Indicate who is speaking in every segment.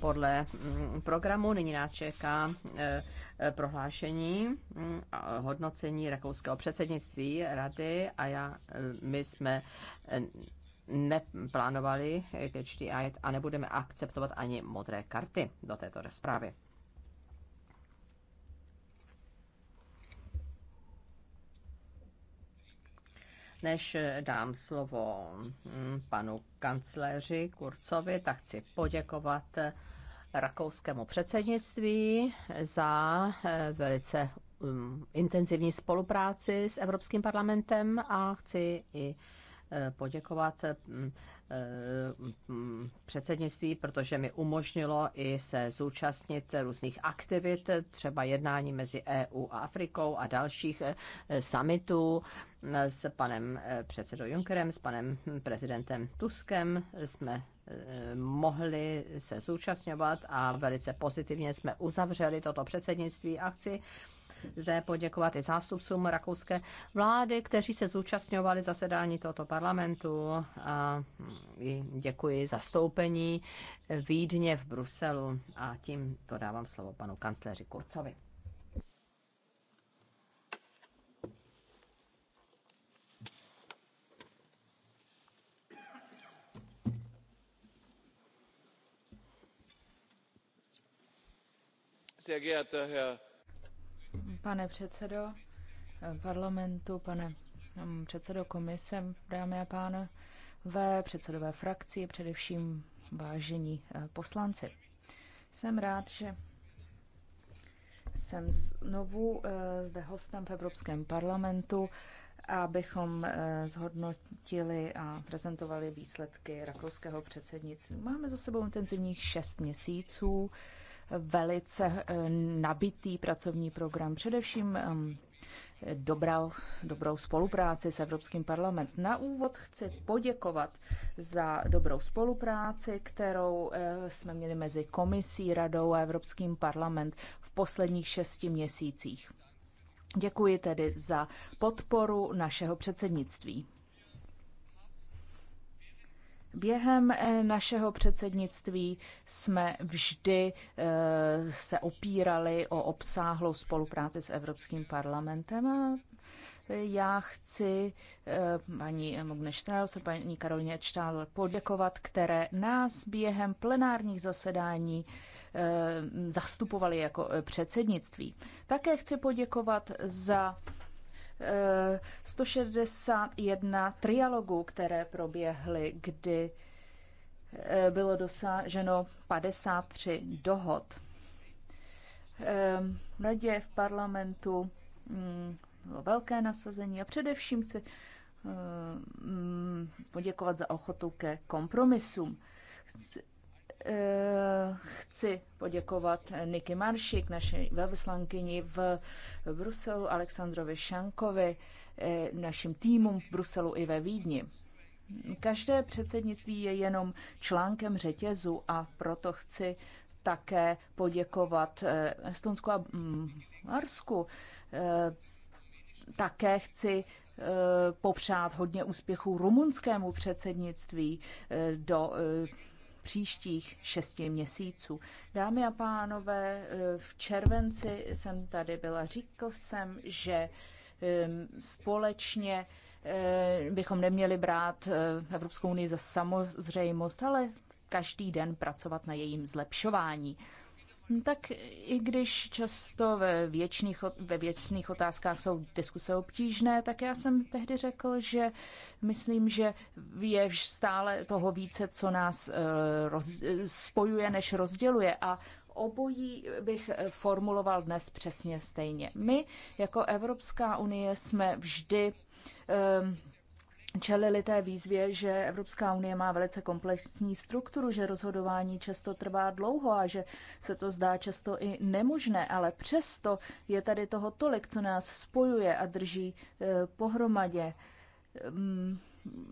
Speaker 1: Podle mm, programu nyní nás čeká eh, eh, prohlášení mm, a hodnocení rakouského předsednictví rady a já, eh, my jsme neplánovali a nebudeme akceptovat ani modré karty do této rozpravy. Než dám slovo hm, panu kancléři Kurcovi, tak chci poděkovat rakouskému předsednictví za eh, velice hm, intenzivní spolupráci s Evropským parlamentem a chci i eh, poděkovat hm, Eh, mm, předsednictví, protože mi umožnilo i se zúčastnit různých aktivit, třeba jednání mezi EU a Afrikou a dalších eh, summitů eh, s panem předsedou Junckerem, s panem hm, prezidentem Tuskem. Jsme mohli se zúčastňovat a velice pozitivně jsme uzavřeli toto předsednictví akci zde poděkovat i zástupcům rakouské vlády, kteří se zúčastňovali zasedání tohoto parlamentu. A mm, děkuji zastoupení Vídně v Bruselu a tím to dávám slovo panu kancléři Kurcovi.
Speaker 2: sehr geehrter herr
Speaker 3: Pane předsedo parlamentu, pane mm, předsedo komise, dámy a pánové, předsedové frakci, především vážení eh, poslanci. Jsem rád, že jsem znovu eh, zde hostem v Evropském parlamentu, abychom eh, zhodnotili a prezentovali výsledky rakouského předsednictví. Máme za sebou intenzivních šest měsíců velice eh, nabitý pracovní program, především dobrou, dobrou spolupráci s Evropským parlamentem. Na úvod chci poděkovat za dobrou spolupráci, kterou eh, jsme měli mezi komisí, radou a Evropským parlament v posledních šesti měsících. Děkuji tedy za podporu našeho předsednictví. Během eh, našeho předsednictví jsme vždy eh, se opírali o obsáhlou spolupráci s Evropským parlamentem a eh, já chci paní Mugne se paní Karolině Čtál poděkovat, které nás během plenárních zasedání zastupovali jako předsednictví. Také chci poděkovat za 161 trialogů, které proběhly, kdy eh, bylo dosaženo 53 dohod. Eh, v radě, v parlamentu mm, bylo velké nasazení a především chci eh, mm, poděkovat za ochotu ke kompromisům. Eh, chci poděkovat Niky Maršik, naší velvyslankyni v Bruselu, Alexandrovi Šankovi, eh, našim týmům v Bruselu i ve Vídni. Každé předsednictví je jenom článkem řetězu a proto chci také poděkovat eh, Estonsku a Marsku. Mm, také chci popřát hodně úspěchů rumunskému předsednictví do příštích šesti měsíců. Dámy a pánové, eh, v červenci jsem tady byla. Říkal jsem, že ehm, společně eh, bychom neměli brát eh, Evropskou unii za samozřejmost, ale každý den pracovat na jejím zlepšování. Hm, tak i když často ve, věčných, ve věcných otázkách jsou diskuse obtížné, tak já jsem tehdy řekl, že myslím, že je stále toho více, co nás eh, roz, spojuje, než rozděluje. A obojí bych eh, formuloval dnes přesně stejně. My jako Evropská unie jsme vždy. Um, čelili té výzvě, že Evropská unie má velice komplexní strukturu, že rozhodování často trvá dlouho a že se to zdá často i nemožné, ale přesto je tady toho tolik, co nás spojuje a drží e, pohromadě, mm,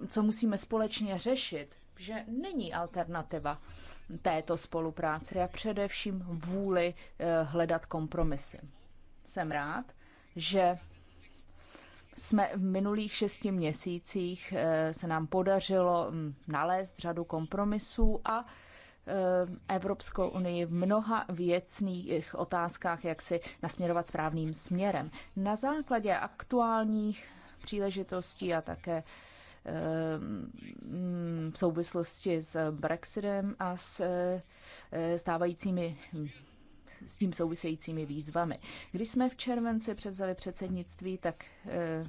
Speaker 3: co musíme společně řešit, že není alternativa této spolupráce a především vůli e, hledat kompromisy. Jsem rád, že jsme v minulých šesti měsících eh, se nám podařilo mm, nalézt řadu kompromisů a eh, Evropskou unii v mnoha věcných otázkách, jak si nasměrovat správným směrem. Na základě aktuálních příležitostí a také eh, mm, v souvislosti s Brexitem a s stávajícími s tím souvisejícími výzvami. Když jsme v červenci převzali předsednictví, tak eh,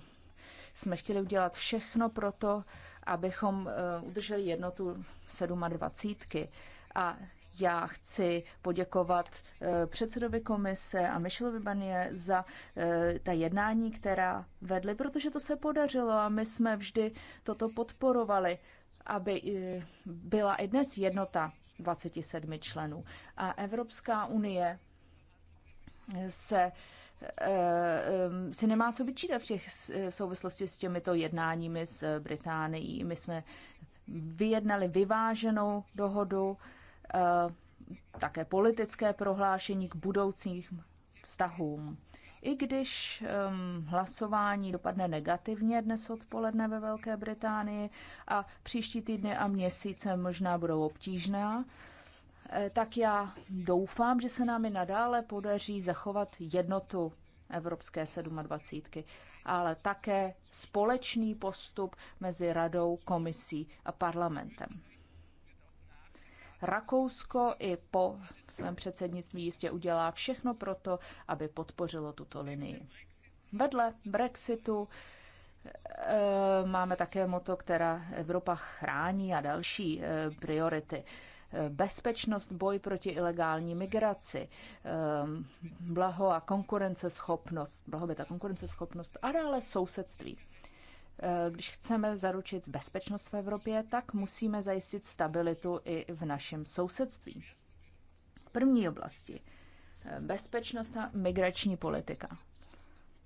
Speaker 3: jsme chtěli udělat všechno pro to, abychom eh, udrželi jednotu 27. A já chci poděkovat eh, předsedovi komise a Michelovi Banie za ta jednání, která vedly, protože to se podařilo a my jsme vždy toto podporovali, aby byla i dnes jednota 27 členů. A Evropská unie se eh, eh, si nemá co vyčítat v těch eh, souvislosti s těmito jednáními s Británií. My jsme vyjednali vyváženou dohodu, také politické prohlášení k budoucím vztahům. I když um, hlasování dopadne negativně dnes odpoledne ve Velké Británii a příští týdny a měsíce možná budou obtížná, eh, tak já doufám, že se nám i nadále podaří zachovat jednotu Evropské 27, ale také společný postup mezi radou, komisí a parlamentem. Rakousko i po svém předsednictví jistě udělá všechno pro to, aby podpořilo tuto linii. Vedle Brexitu eh, máme také moto, která Evropa chrání a další eh, priority. Eh, bezpečnost, boj proti ilegální migraci, blaho a konkurenceschopnost, blahobyt a konkurenceschopnost a dále sousedství. Eh, když chceme zaručit bezpečnost v Evropě, tak musíme zajistit stabilitu i v našem sousedství. První oblasti. Eh, bezpečnost a migrační politika.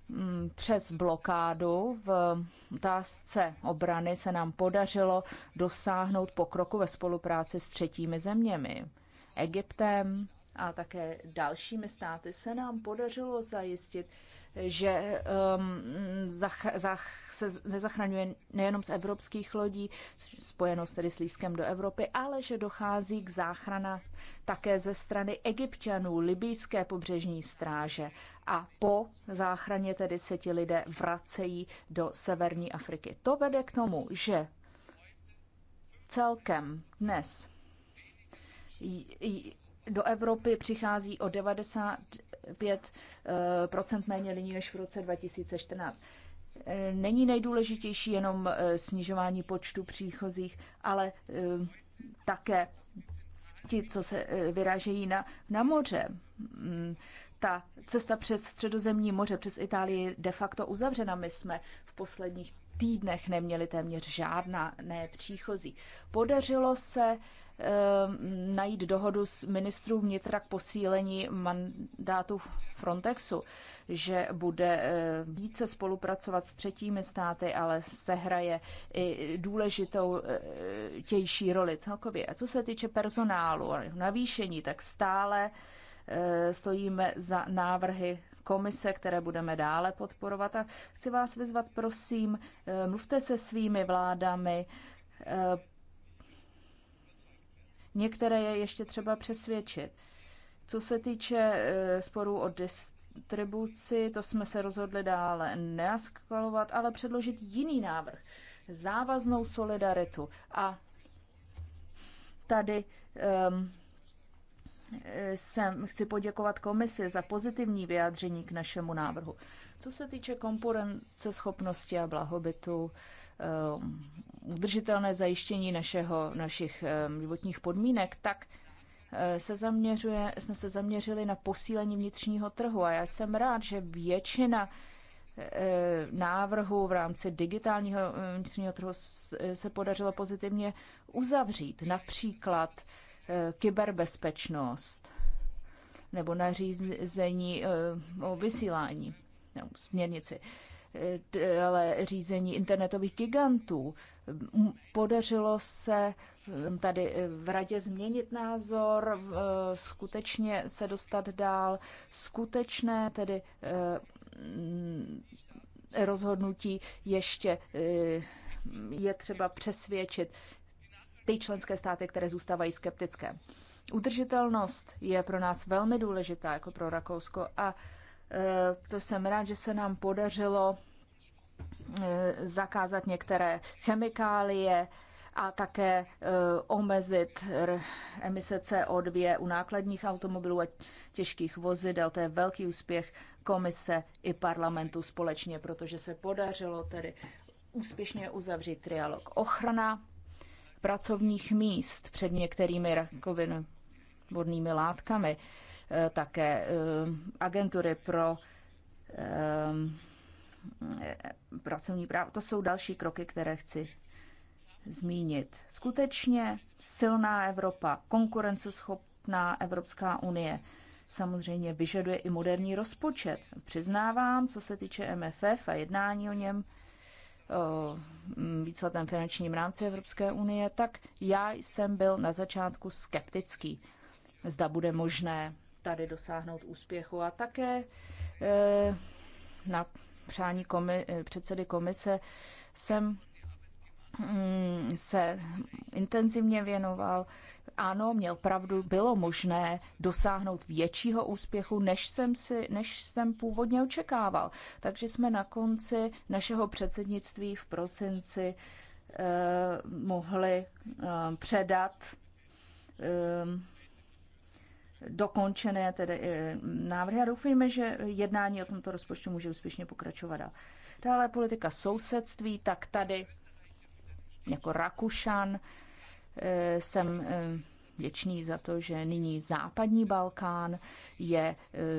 Speaker 3: Hmm, přes blokádu v otázce obrany se nám podařilo dosáhnout pokroku ve spolupráci s třetími zeměmi. Egyptem a také dalšími státy se nám podařilo zajistit že um, zach, zach, se nezachraňuje nejenom z evropských lodí, spojeno s tedy s lískem do Evropy, ale že dochází k záchrana také ze strany egyptianů, libijské pobřežní stráže. A po záchraně tedy se ti lidé vracejí do severní Afriky. To vede k tomu, že celkem dnes do Evropy přichází o 90 5 eh, méně lidí než v roce 2014. Eh, není nejdůležitější jenom eh, snižování počtu příchozích, ale také ti, co se vyrážejí na, na moře. Mm, ta cesta přes Středozemní moře, přes Itálii je de facto uzavřena. My jsme v posledních týdnech neměli téměř žádná ne příchozí. Podařilo se Eh, najít dohodu s ministrů vnitra k posílení mandátu Frontexu, že bude eh, více spolupracovat s třetími státy, ale sehraje i důležitou eh, tější roli celkově. A co se týče personálu a navýšení, tak stále stojíme za návrhy komise, které budeme dále podporovat. A chci vás vyzvat, prosím, mluvte se svými vládami, Některé je ještě třeba přesvědčit. Co se týče e, sporů o distribuci, to jsme se rozhodli dále neaskalovat, ale předložit jiný návrh. Závaznou solidaritu. A tady um, jsem, chci poděkovat komisi za pozitivní vyjádření k našemu návrhu. Co se týče konkurence schopnosti a blahobytu, Eh, udržitelné zajištění našeho, našich eh, životních podmínek, tak eh, se zaměřuje, jsme se zaměřili na posílení vnitřního trhu a já jsem rád, že většina návrhu v rámci digitálního vnitřního trhu se podařilo pozitivně uzavřít. Například kyberbezpečnost nebo nařízení o vysílání, nebo směrnici ale řízení internetových gigantů. Podařilo se tady e, v radě změnit názor, e, skutečně se dostat dál, skutečné tedy e, rozhodnutí ještě je třeba přesvědčit ty členské státy, které zůstávají skeptické. Udržitelnost je pro nás velmi důležitá, jako pro Rakousko, a Eh, to jsem rád, že se nám podařilo eh, zakázat některé chemikálie a také eh, omezit emise CO2 u nákladních automobilů a těžkých vozidel. To je velký úspěch komise i parlamentu společně, protože se podařilo tedy úspěšně uzavřít trialog. Ochrana pracovních míst před některými rakovinovodnými látkami. Eh, také eh, agentury pro eh, pracovní právo. To jsou další kroky, které chci zmínit. Skutečně silná Evropa, konkurenceschopná Evropská unie samozřejmě vyžaduje i moderní rozpočet. Přiznávám, co se týče MFF a jednání o něm, o mm, víceletém finančním rámci Evropské unie, tak já jsem byl na začátku skeptický, zda bude možné tady dosáhnout úspěchu. A také eh, na přání komi- předsedy komise jsem mm, se intenzivně věnoval. Ano, měl pravdu, bylo možné dosáhnout většího úspěchu, než jsem, si, než jsem původně očekával. Takže jsme na konci našeho předsednictví v prosinci eh, mohli eh, předat eh, dokončené tedy eh, návrhy a doufejme, že jednání o tomto rozpočtu může úspěšně pokračovat Dále politika sousedství, tak tady jako Rakušan eh, jsem eh, věčný za to, že nyní západní Balkán je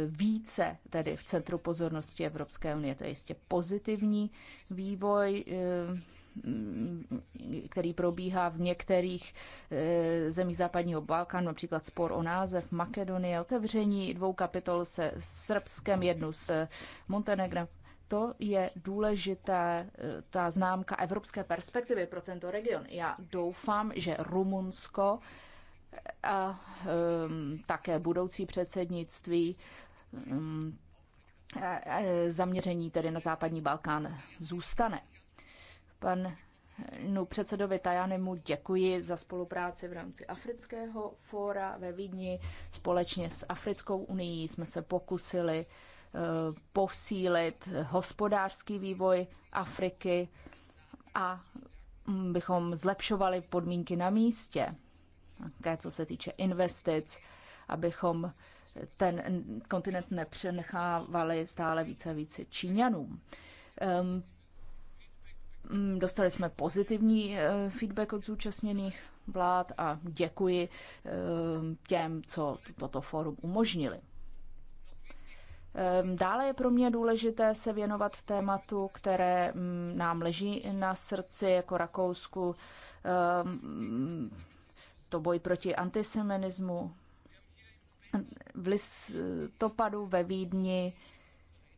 Speaker 3: více tedy v centru pozornosti Evropské unie. To je jistě pozitivní vývoj který probíhá v některých eh, zemích západního Balkánu, například spor o název Makedonie, otevření dvou kapitol se Srbskem, jednu s Montenegrem. To je důležitá eh, ta známka evropské perspektivy pro tento region. Já doufám, že Rumunsko eh, a um, také budoucí předsednictví um, zaměření tedy na západní Balkán zůstane. Pan no, předsedovi Tajanemu děkuji za spolupráci v rámci Afrického fóra ve Vídni. Společně s Africkou unii jsme se pokusili eh, posílit hospodářský vývoj Afriky a mm, bychom zlepšovali podmínky na místě, také co se týče investic, abychom ten kontinent nepřenechávali stále více a více Číňanům. Ehm, Mm, dostali jsme pozitivní eh, feedback od zúčastněných vlád a děkuji eh, těm, co toto fórum umožnili. Ehm, dále je pro mě důležité se věnovat tématu, které mm, nám leží na srdci jako Rakousku, ehm, to boj proti antisemitismu. V listopadu ve Vídni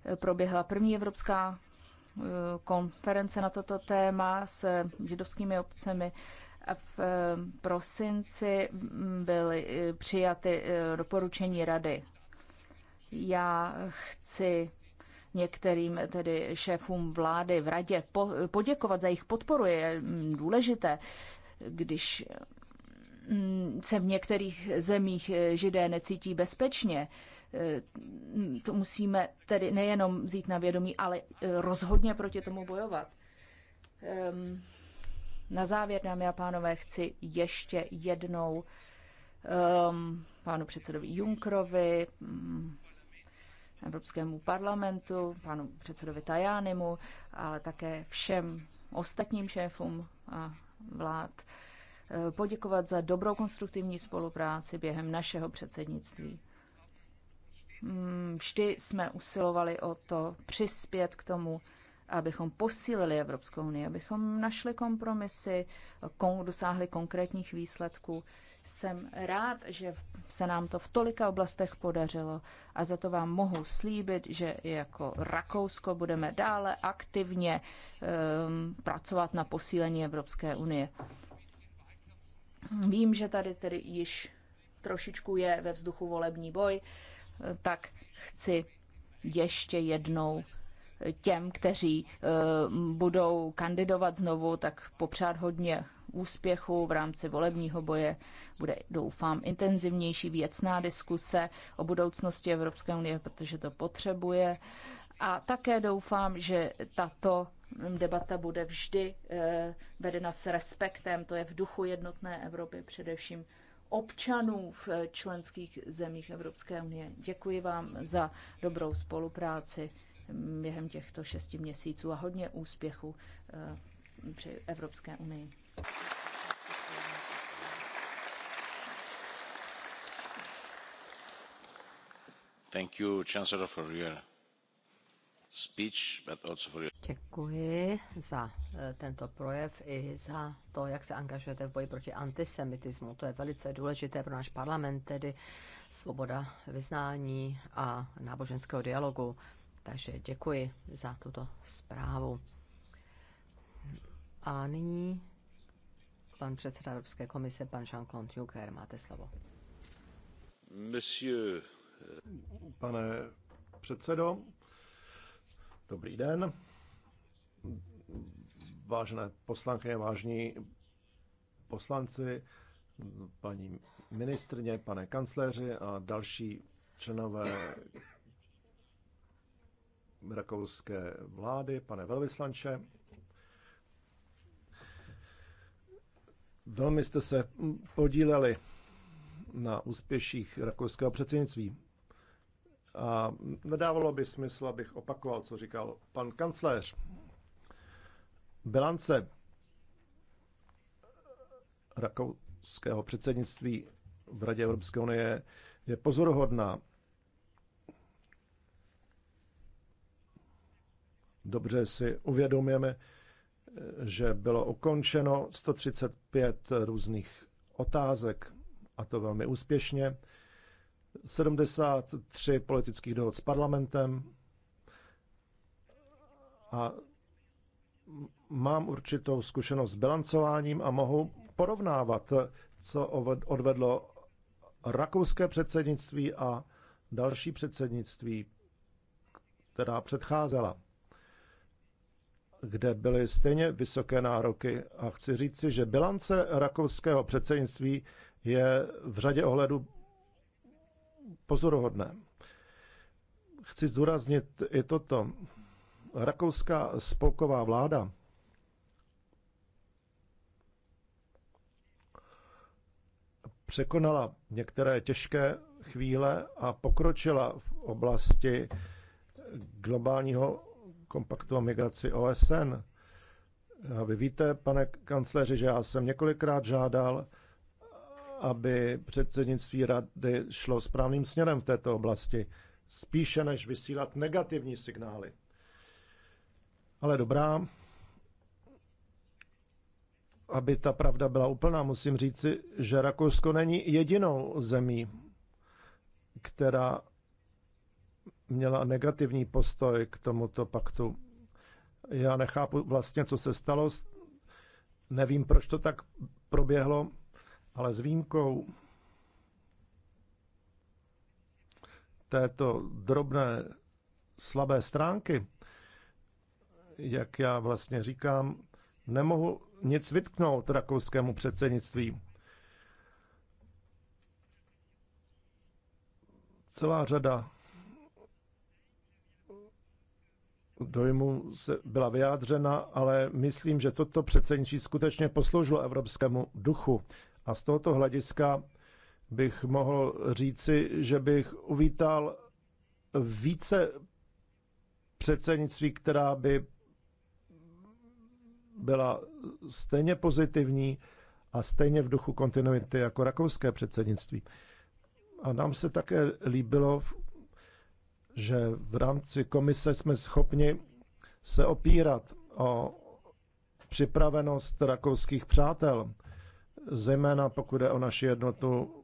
Speaker 3: eh, proběhla první evropská Eh, konference na toto téma s židovskými obcemi. V eh, prosinci mm, byly eh, přijaty doporučení rady. Já chci některým tedy šéfům vlády v radě poděkovat za jejich podporu. Je mm, důležité, když mm, se v některých zemích židé necítí bezpečně, Eh, to musíme tedy nejenom vzít na vědomí, ale eh, rozhodně proti tomu bojovat. Ehm, na závěr, dámy a pánové, chci ještě jednou um, ehm, pánu předsedovi Junkrovi, mm, Evropskému parlamentu, panu předsedovi Tajánimu, ale také všem ostatním šéfům a vlád eh, poděkovat za dobrou konstruktivní spolupráci během našeho předsednictví. Mm, vždy jsme usilovali o to přispět k tomu, abychom posílili Evropskou unii, abychom našli kompromisy, dosáhli konkrétních výsledků. Jsem rád, že se nám to v tolika oblastech podařilo a za to vám mohu slíbit, že jako Rakousko budeme dále aktivně um, pracovat na posílení Evropské unie. Vím, že tady tedy již trošičku je ve vzduchu volební boj. Uh, tak chci ještě jednou těm, kteří eh, budou kandidovat znovu, tak popřát hodně úspěchu v rámci volebního boje. Bude, doufám, intenzivnější věcná diskuse o budoucnosti Evropské unie, protože to potřebuje. A také doufám, že tato debata bude vždy eh, vedena s respektem, to je v duchu jednotné Evropy především občanů v členských zemích Evropské unie. Děkuji vám za dobrou spolupráci během těchto šesti měsíců a hodně úspěchu eh, při Evropské unii.
Speaker 2: Thank you, Chancellor, for your
Speaker 1: Děkuji za eh, tento projev i za to, jak se angažujete v boji proti antisemitismu. To je velice důležité pro náš parlament, tedy svoboda vyznání a náboženského dialogu. Takže děkuji za tuto zprávu. A nyní pan předseda Evropské komise, pan Jean-Claude Juncker, máte slovo.
Speaker 2: Monsieur.
Speaker 4: Eh, Pane předsedo, Dobrý den. Vážené poslankyně, vážní poslanci, paní ministrně, pane kancléři a další členové rakouské vlády, pane velvyslanče. Velmi jste se podíleli na úspěších rakouského předsednictví. A nedávalo by smysl, abych opakoval, co říkal pan kancléř. Bilance rakouského předsednictví v Radě Evropské unie je pozoruhodná. Dobře si uvědomujeme, že bylo ukončeno 135 různých otázek, a to velmi úspěšně. 73 politických dohod s parlamentem a mám určitou zkušenost s bilancováním a mohu porovnávat, co odvedlo rakouské předsednictví a další předsednictví, která předcházela, kde byly stejně vysoké nároky. A chci říci, že bilance rakouského předsednictví je v řadě ohledů pozoruhodné. Chci zdůraznit i toto. Rakouská spolková vláda překonala některé těžké chvíle a pokročila v oblasti globálního kompaktu o migraci OSN. A vy víte, pane kancléři, že já jsem několikrát žádal aby předsednictví rady šlo správným směrem v této oblasti, spíše než vysílat negativní signály. Ale dobrá, aby ta pravda byla úplná, musím říci, že Rakousko není jedinou zemí, která měla negativní postoj k tomuto paktu. Já nechápu vlastně, co se stalo. Nevím, proč to tak proběhlo ale s výjimkou této drobné slabé stránky, jak já vlastně říkám, nemohu nic vytknout rakouskému předsednictví. Celá řada dojmu se byla vyjádřena, ale myslím, že toto předsednictví skutečně posloužilo evropskému duchu. A z tohoto hlediska bych mohl říci, že bych uvítal více předsednictví, která by byla stejně pozitivní a stejně v duchu kontinuity jako rakouské předsednictví. A nám se také líbilo, že v rámci komise jsme schopni se opírat o připravenost rakouských přátel zejména pokud je o naši jednotu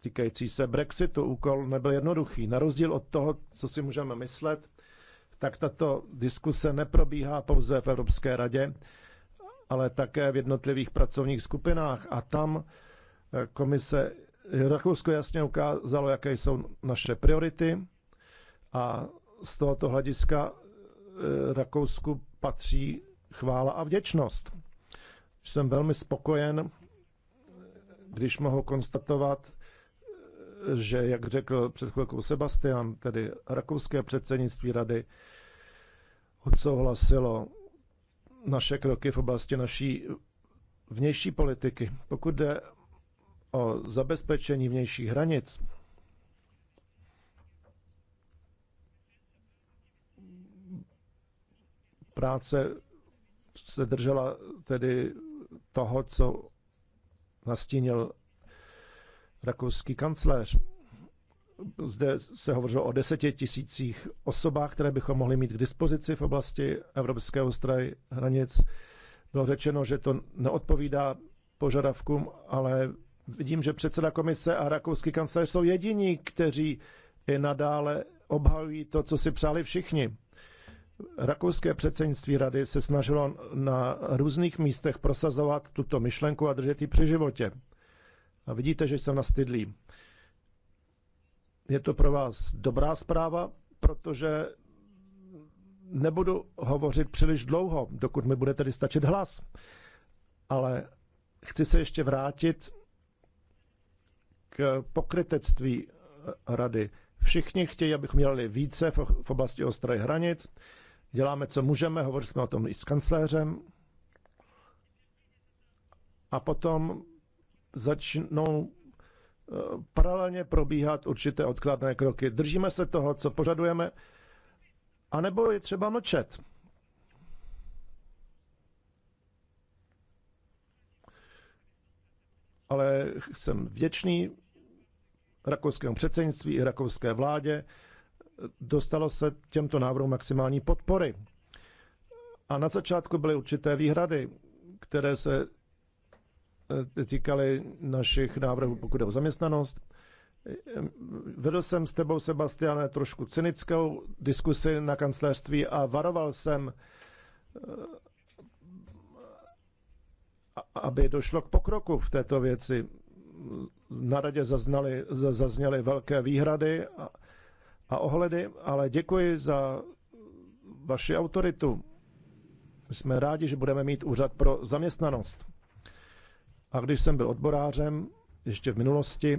Speaker 4: týkající se Brexitu. Úkol nebyl jednoduchý. Na rozdíl od toho, co si můžeme myslet, tak tato diskuse neprobíhá pouze v Evropské radě, ale také v jednotlivých pracovních skupinách. A tam eh, komise Rakousko jasně ukázalo, jaké jsou naše priority. A z tohoto hlediska eh, Rakousku patří chvála a vděčnost. Jsem velmi spokojen když mohu konstatovat, že, jak řekl před chvilkou Sebastian, tedy rakouské předsednictví rady odsouhlasilo naše kroky v oblasti naší vnější politiky. Pokud jde o zabezpečení vnějších hranic, práce se držela tedy toho, co nastínil rakouský kancléř. Zde se hovořilo o deseti tisících osobách, které bychom mohli mít k dispozici v oblasti evropského ostraj hranic. Bylo řečeno, že to neodpovídá požadavkům, ale vidím, že předseda komise a rakouský kancléř jsou jediní, kteří i nadále obhajují to, co si přáli všichni. Rakouské předsednictví rady se snažilo na různých místech prosazovat tuto myšlenku a držet ji při životě. A vidíte, že jsem nastydlý. Je to pro vás dobrá zpráva, protože nebudu hovořit příliš dlouho, dokud mi bude tedy stačit hlas. Ale chci se ještě vrátit k pokrytectví rady. Všichni chtějí, abychom měli více v oblasti ostrých hranic, Děláme, co můžeme, hovořili jsme o tom i s kancléřem. A potom začnou eh, paralelně probíhat určité odkladné kroky. Držíme se toho, co požadujeme, anebo je třeba mlčet. Ale jsem vděčný rakouskému předsednictví i rakouské vládě, dostalo se těmto návrhům maximální podpory. A na začátku byly určité výhrady, které se eh, týkaly našich návrhů, pokud je o zaměstnanost. Vedl jsem s tebou, Sebastiane, trošku cynickou diskusi na kancelářství a varoval jsem, eh, aby došlo k pokroku v této věci. Na radě zaznali, zazněly velké výhrady a, a ohledy, ale děkuji za vaši autoritu. Jsme rádi, že budeme mít úřad pro zaměstnanost. A když jsem byl odborářem, ještě v minulosti,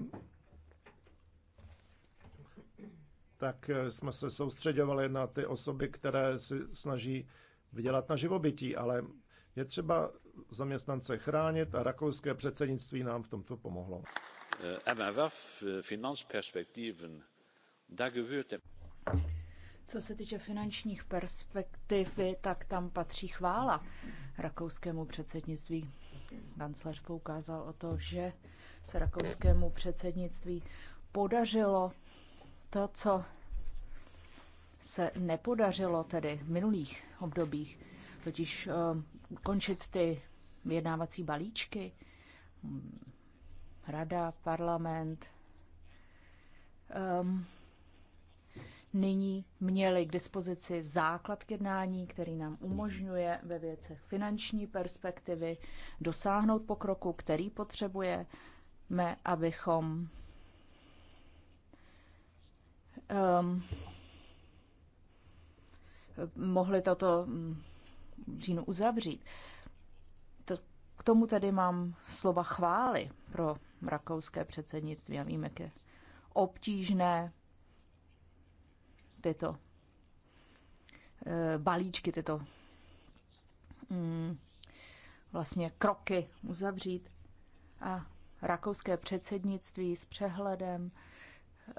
Speaker 4: tak eh, jsme se soustředovali na ty osoby, které si snaží vydělat na živobytí, ale je třeba zaměstnance chránit a rakouské předsednictví nám v tomto pomohlo.
Speaker 2: Eh, MFF, eh, Finanzperspektiven
Speaker 3: co se týče finančních perspektivy, tak tam patří chvála rakouskému předsednictví. Kancléř poukázal o to, že se rakouskému předsednictví podařilo to, co se nepodařilo tedy v minulých obdobích, totiž uh, eh, končit ty vyjednávací balíčky, rada, parlament, um, nyní měli k dispozici základ k jednání, který nám umožňuje ve věcech finanční perspektivy dosáhnout pokroku, který potřebujeme, abychom um, mohli toto mm, říjnu uzavřít. To, k tomu tedy mám slova chvály pro rakouské předsednictví. Já vím, jak je obtížné tyto eh, balíčky, tyto mm, vlastně kroky uzavřít. A rakouské předsednictví s přehledem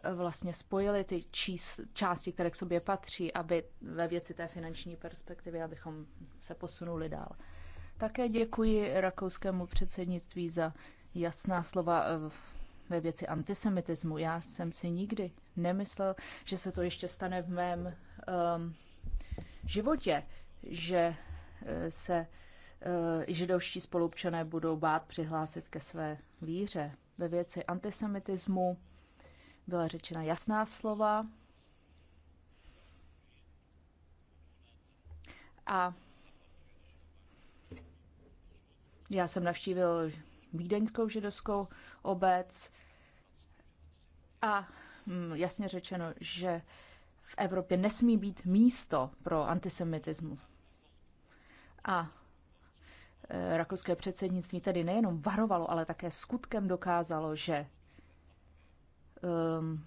Speaker 3: eh, vlastně spojili ty čís, části, které k sobě patří, aby ve věci té finanční perspektivy, abychom se posunuli dál. Také děkuji rakouskému předsednictví za jasná slova eh, v ve věci antisemitismu. Já jsem si nikdy nemyslel, že se to ještě stane v mém um, životě, že eh, se uh, židovští spolupčané budou bát přihlásit ke své víře. Ve věci antisemitismu byla řečena jasná slova a já jsem navštívil vídeňskou židovskou obec a mm, jasně řečeno, že v Evropě nesmí být místo pro antisemitismus. A e, rakouské předsednictví tedy nejenom varovalo, ale také skutkem dokázalo, že um,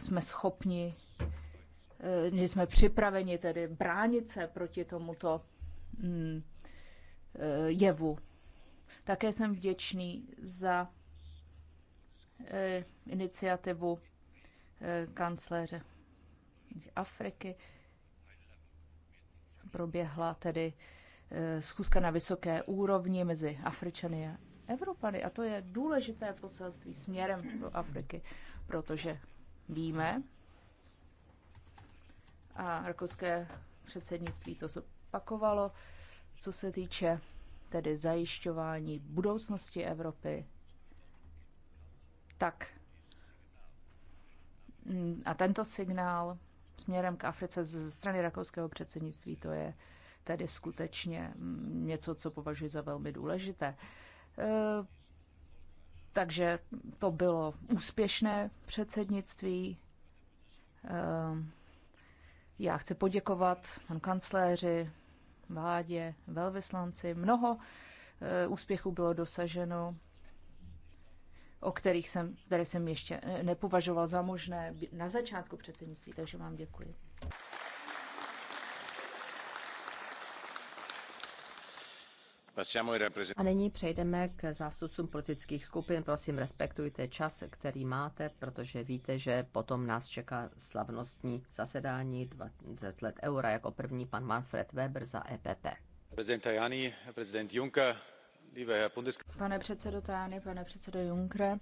Speaker 3: jsme schopni, e, že jsme připraveni tedy bránit se proti tomuto um, Eh, jevu. Také jsem vděčný za eh, iniciativu eh, kancléře Afriky. Proběhla tedy schůzka na vysoké úrovni mezi Afričany a Evropany. A to je důležité poselství směrem do Afriky, protože víme, a rakouské předsednictví to zopakovalo, co se týče tedy zajišťování budoucnosti Evropy, tak mm, a tento signál směrem k Africe ze strany rakouského předsednictví, to je tedy skutečně mm, něco, co považuji za velmi důležité. E, takže to bylo úspěšné předsednictví. E, já chci poděkovat panu kancléři, vládě, velvyslanci. Mnoho eh, úspěchů bylo dosaženo, o kterých jsem, které jsem ještě eh, nepovažoval za možné na začátku předsednictví, takže vám děkuji.
Speaker 2: A nyní
Speaker 1: přejdeme k zástupcům politických skupin. Prosím, respektujte čas, který máte, protože víte, že potom nás čeká slavnostní zasedání 20 let eura jako
Speaker 3: první pan Manfred Weber za EPP.
Speaker 2: Prezident Tajani, prezident Juncker,
Speaker 3: Pane předsedo Tajani, pane předsedo Junkre,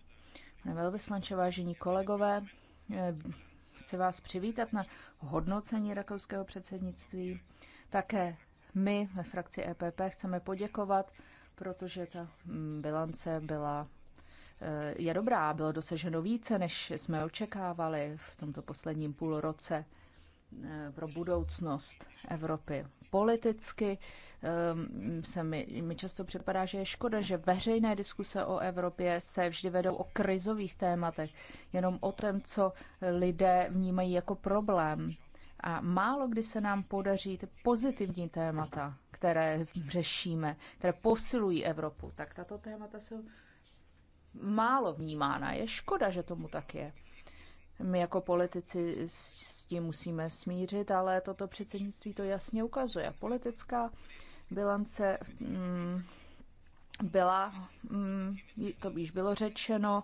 Speaker 3: pane velvyslanče, vážení kolegové, eh, chci vás přivítat na hodnocení rakouského předsednictví. Také my ve frakci EPP chceme poděkovat, protože ta bilance byla eh, je dobrá, bylo dosaženo více, než jsme očekávali v tomto posledním půl roce eh, pro budoucnost Evropy. Politicky eh, se mi, mi často připadá, že je škoda, že veřejné diskuse o Evropě se vždy vedou o krizových tématech, jenom o tom, co lidé vnímají jako problém. A málo kdy se nám podaří ty pozitivní témata, které řešíme, které posilují Evropu, tak tato témata jsou málo vnímána. Je škoda, že tomu tak je. My jako politici s tím musíme smířit, ale toto předsednictví to jasně ukazuje. Politická bilance mm, byla, mm, to již bylo řečeno,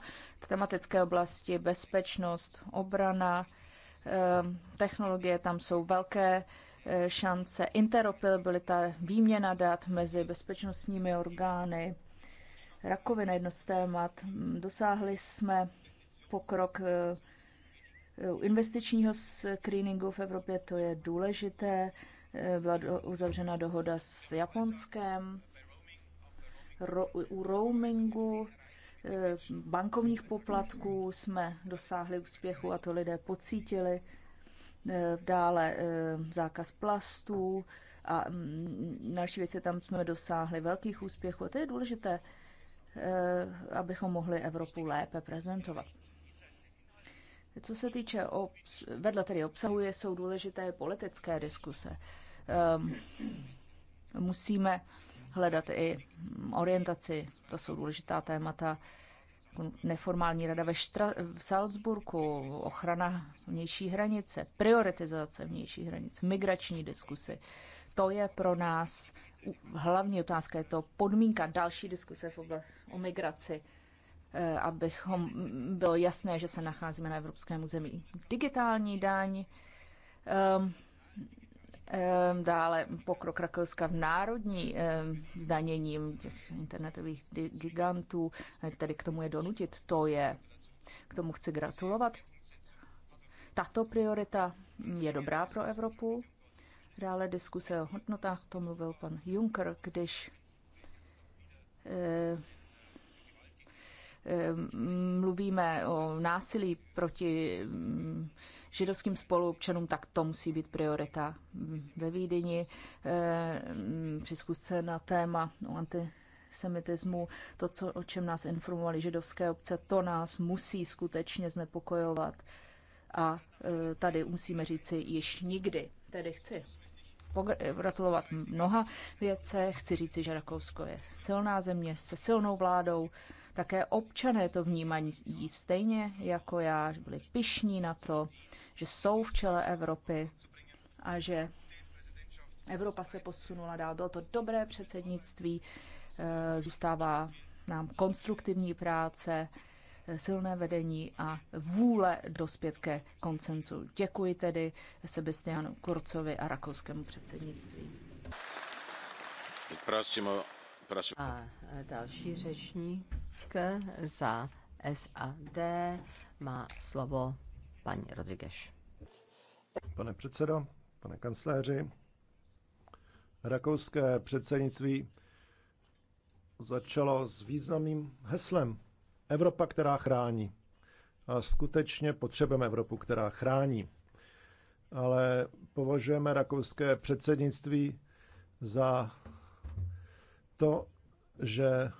Speaker 3: tematické oblasti bezpečnost, obrana, Ehm, technologie, tam jsou velké eh, šance, interoperabilita, výměna dat mezi bezpečnostními orgány, rakovina jedno z témat. Hm, dosáhli jsme pokrok eh, investičního screeningu v Evropě, to je důležité. Eh, byla uzavřena dohoda s Japonskem. Ro- u roamingu Eh, bankovních poplatků jsme dosáhli úspěchu a to lidé pocítili. Eh, dále eh, zákaz plastů a mm, další věci tam jsme dosáhli velkých úspěchů. A to je důležité, abychom mohli Evropu lépe prezentovat. Co se týče, obs- vedle tedy obsahuje, jsou důležité politické diskuse. Um, musíme hledat i hm, orientaci. To jsou důležitá témata. Neformální rada ve Štra- v Salzburku, ochrana vnější hranice, prioritizace vnější hranice, migrační diskusy. To je pro nás hlavní otázka, je to podmínka další diskuse v oblasti o migraci, eh, abychom hm, bylo jasné, že se nacházíme na evropském území. Digitální daň, um, Ehm, dále pokrok Rakouska v národní ehm, zdaněním těch internetových gigantů, tedy k tomu je donutit, to je, k tomu chci gratulovat. Tato priorita je dobrá pro Evropu. Dále diskuse o hodnotách, to mluvil pan Juncker, když ehm, mluvíme o násilí proti židovským spoluobčanům, tak to musí být priorita. Ve Vídeni eh, mm, při zkusce na téma o antisemitismu, to, co, o čem nás informovali židovské obce, to nás musí skutečně znepokojovat. A eh, tady musíme říci již nikdy. Tedy chci gratulovat mnoha věce. Chci říci, že Rakousko je silná země se silnou vládou, také občané to vnímají stejně jako já, že byli pišní na to, že jsou v čele Evropy a že Evropa se posunula dál. Bylo to dobré předsednictví, eh, zůstává nám konstruktivní práce, eh, silné vedení a vůle dospět ke koncenzu. Děkuji tedy Sebastianu Kurcovi a rakouskému
Speaker 2: předsednictví. A
Speaker 3: e,
Speaker 1: další řečník za SAD má slovo
Speaker 4: paní Rodriguez. Pane předsedo, pane kancléři, rakouské předsednictví začalo s významným heslem Evropa, která chrání. A skutečně potřebujeme Evropu, která chrání. Ale považujeme rakouské předsednictví za to, že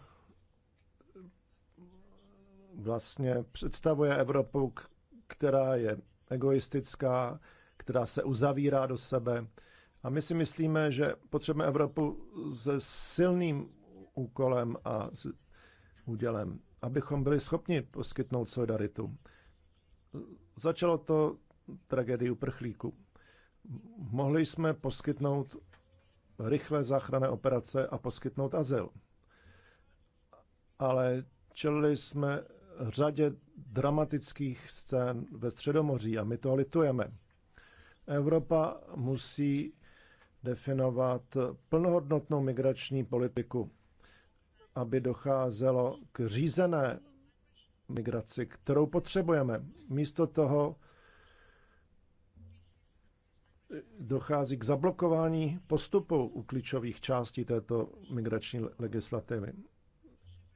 Speaker 4: vlastně představuje Evropu, která je egoistická, která se uzavírá do sebe. A my si myslíme, že potřebujeme Evropu se silným úkolem a s údělem, abychom byli schopni poskytnout solidaritu. Začalo to tragédii uprchlíků. Mohli jsme poskytnout rychlé záchranné operace a poskytnout azyl. Ale čelili jsme řadě dramatických scén ve Středomoří a my to litujeme. Evropa musí definovat plnohodnotnou migrační politiku, aby docházelo k řízené migraci, kterou potřebujeme. Místo toho dochází k zablokování postupu u klíčových částí této migrační legislativy.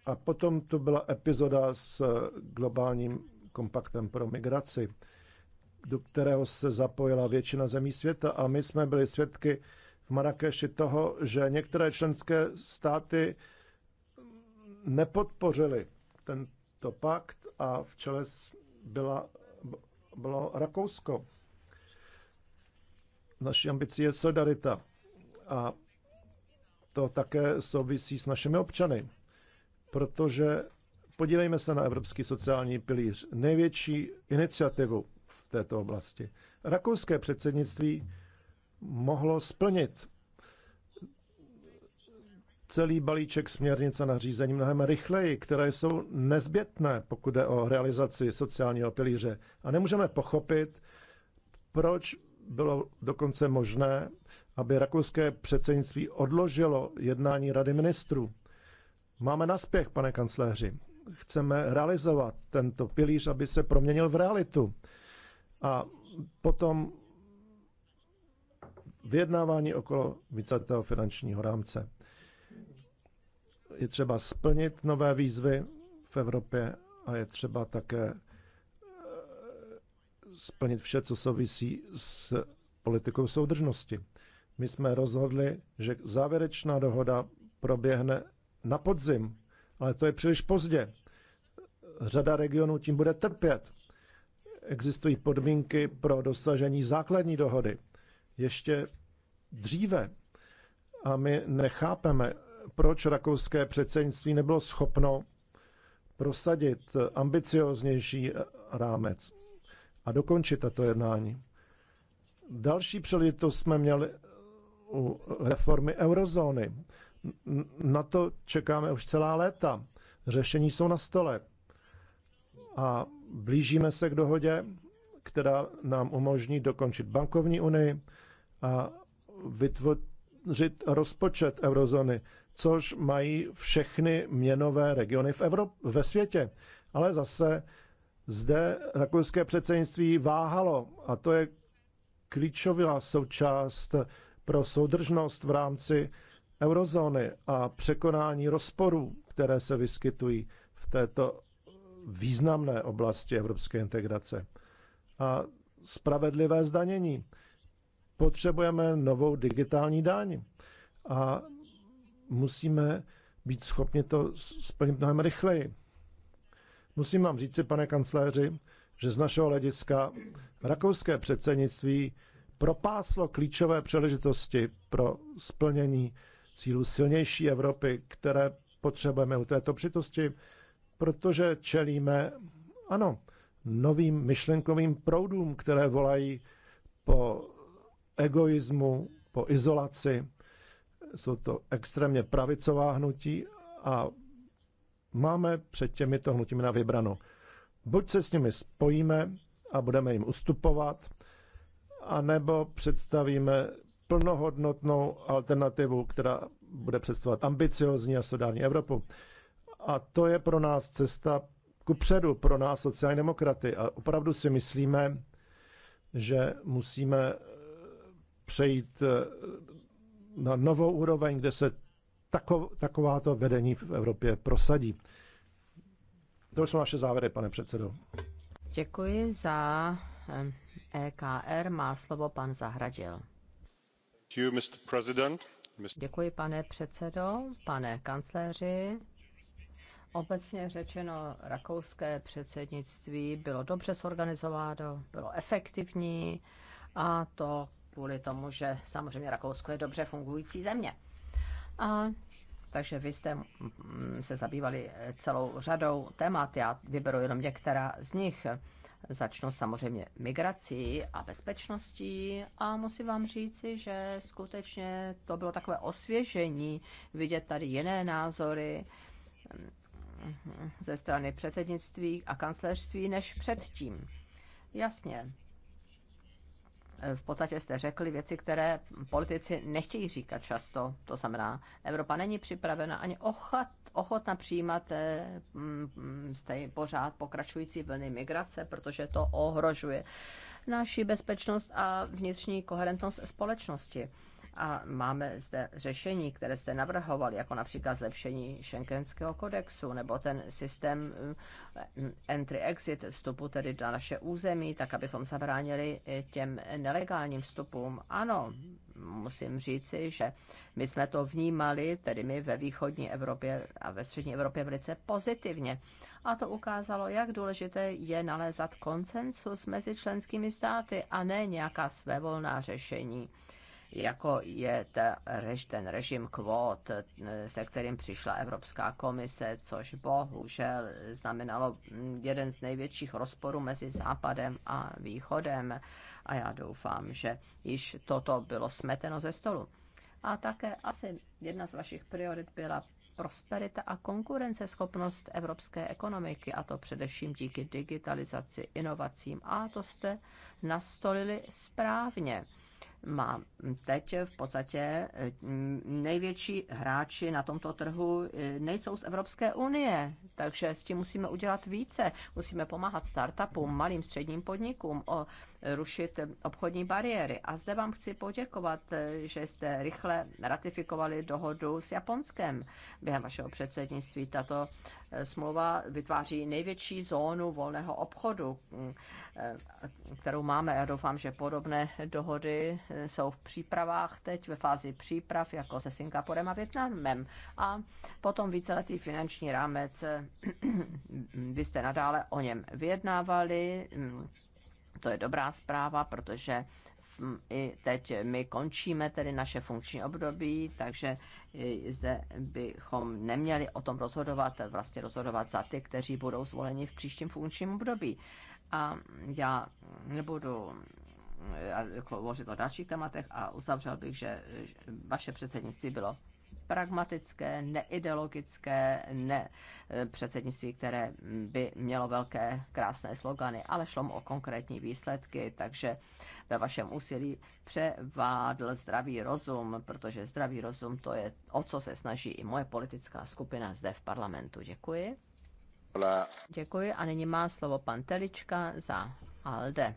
Speaker 4: A potom to byla epizoda s globálním kompaktem pro migraci, do kterého se zapojila většina zemí světa a my jsme byli svědky v Marrakeši toho, že některé členské státy nepodpořily tento pakt a v čele byla, bylo Rakousko. Naší ambicí je solidarita a to také souvisí s našimi občany, protože podívejme se na Evropský sociální pilíř, největší iniciativu v této oblasti. Rakouské předsednictví mohlo splnit celý balíček směrnic a nařízení mnohem rychleji, které jsou nezbytné, pokud jde o realizaci sociálního pilíře. A nemůžeme pochopit, proč bylo dokonce možné, aby rakouské předsednictví odložilo jednání Rady ministrů. Máme naspěch, pane kancléři. Chceme realizovat tento pilíř, aby se proměnil v realitu. A potom vyjednávání okolo víceletého finančního rámce. Je třeba splnit nové výzvy v Evropě a je třeba také splnit vše, co souvisí s politikou soudržnosti. My jsme rozhodli, že závěrečná dohoda proběhne na podzim, ale to je příliš pozdě. Řada regionů tím bude trpět. Existují podmínky pro dosažení základní dohody ještě dříve. A my nechápeme, proč rakouské předsednictví nebylo schopno prosadit ambicioznější rámec a dokončit tato jednání. Další příležitost jsme měli u reformy eurozóny. Na to čekáme už celá léta. Řešení jsou na stole. A blížíme se k dohodě, která nám umožní dokončit bankovní unii a vytvořit rozpočet eurozóny, což mají všechny měnové regiony v Evrop- ve světě. Ale zase zde rakouské předsednictví váhalo a to je klíčová součást pro soudržnost v rámci eurozóny a překonání rozporů, které se vyskytují v této významné oblasti evropské integrace. A spravedlivé zdanění. Potřebujeme novou digitální daň a musíme být schopni to splnit mnohem rychleji. Musím vám říci, pane kancléři, že z našeho hlediska rakouské předsednictví propáslo klíčové příležitosti pro splnění cílu silnější Evropy, které potřebujeme u této přitosti, protože čelíme, ano, novým myšlenkovým proudům, které volají po egoismu, po izolaci. Jsou to extrémně pravicová hnutí a máme před těmito hnutími na vybrano. Buď se s nimi spojíme a budeme jim ustupovat, anebo představíme plnohodnotnou alternativu, která bude představovat ambiciozní a solidární Evropu. A to je pro nás cesta ku předu, pro nás sociální demokraty. A opravdu si myslíme, že musíme přejít na novou úroveň, kde se tako, takováto vedení v Evropě prosadí. To jsou naše závěry, pane předsedo. Děkuji
Speaker 1: za EKR. E Má slovo pan Zahradil. Děkuji, pane předsedo, pane kancléři. Obecně řečeno, rakouské předsednictví bylo dobře zorganizováno, bylo efektivní a to kvůli tomu, že samozřejmě Rakousko je dobře fungující země. A takže vy jste mm, se zabývali celou řadou témat, já vyberu jenom některá z nich. Začnu samozřejmě migrací a bezpečností a musím vám říci, že skutečně to bylo takové osvěžení vidět tady jiné názory mm, ze strany předsednictví a kancelářství než předtím. Jasně, v podstatě jste řekli věci, které politici nechtějí říkat často. To znamená, Evropa není připravena ani ochot, ochotna přijímat eh, mm, stej, pořád pokračující vlny migrace, protože to ohrožuje naši bezpečnost a vnitřní koherentnost společnosti. A máme zde řešení, které jste navrhoval, jako například zlepšení šenkenského kodexu nebo ten systém eh, entry-exit vstupu tedy na naše území, tak abychom zabránili eh, těm nelegálním vstupům. Ano, musím říci, že my jsme to vnímali, tedy my ve východní Evropě a ve střední Evropě velice pozitivně. A to ukázalo, jak důležité je nalézat konsensus mezi členskými státy a ne nějaká svévolná řešení jako je ten režim kvót, se kterým přišla Evropská komise, což bohužel znamenalo jeden z největších rozporů mezi Západem a Východem. A já doufám, že již toto bylo smeteno ze stolu. A také asi jedna z vašich priorit byla prosperita a konkurenceschopnost evropské ekonomiky, a to především díky digitalizaci, inovacím. A to jste nastolili správně má teď v podstatě eh, největší hráči na tomto trhu eh, nejsou z Evropské unie, takže s tím musíme udělat více. Musíme pomáhat startupům, malým středním podnikům, o, rušit obchodní bariéry. A zde vám chci poděkovat, eh, že jste rychle ratifikovali dohodu s Japonskem během vašeho předsednictví. Tato smlouva vytváří největší zónu volného obchodu, kterou máme. Já doufám, že podobné dohody jsou v přípravách teď ve fázi příprav, jako se Singapurem a Větnamem. A potom víceletý finanční rámec, vy jste nadále o něm vyjednávali, to je dobrá zpráva, protože i teď my končíme tedy naše funkční období, takže e, zde bychom neměli o tom rozhodovat, vlastně rozhodovat za ty, kteří budou zvoleni v příštím funkčním období. A já nebudu e, jako, hovořit o dalších tématech a uzavřel bych, že vaše předsednictví bylo pragmatické, neideologické, ne e, předsednictví, které by mělo velké krásné slogany, ale šlo mu o konkrétní výsledky, takže ve vašem úsilí převádl zdravý rozum, protože zdravý rozum to je, o co se snaží i moje politická skupina zde v parlamentu. Děkuji. Děkuji a nyní má slovo pan Telička za ALDE.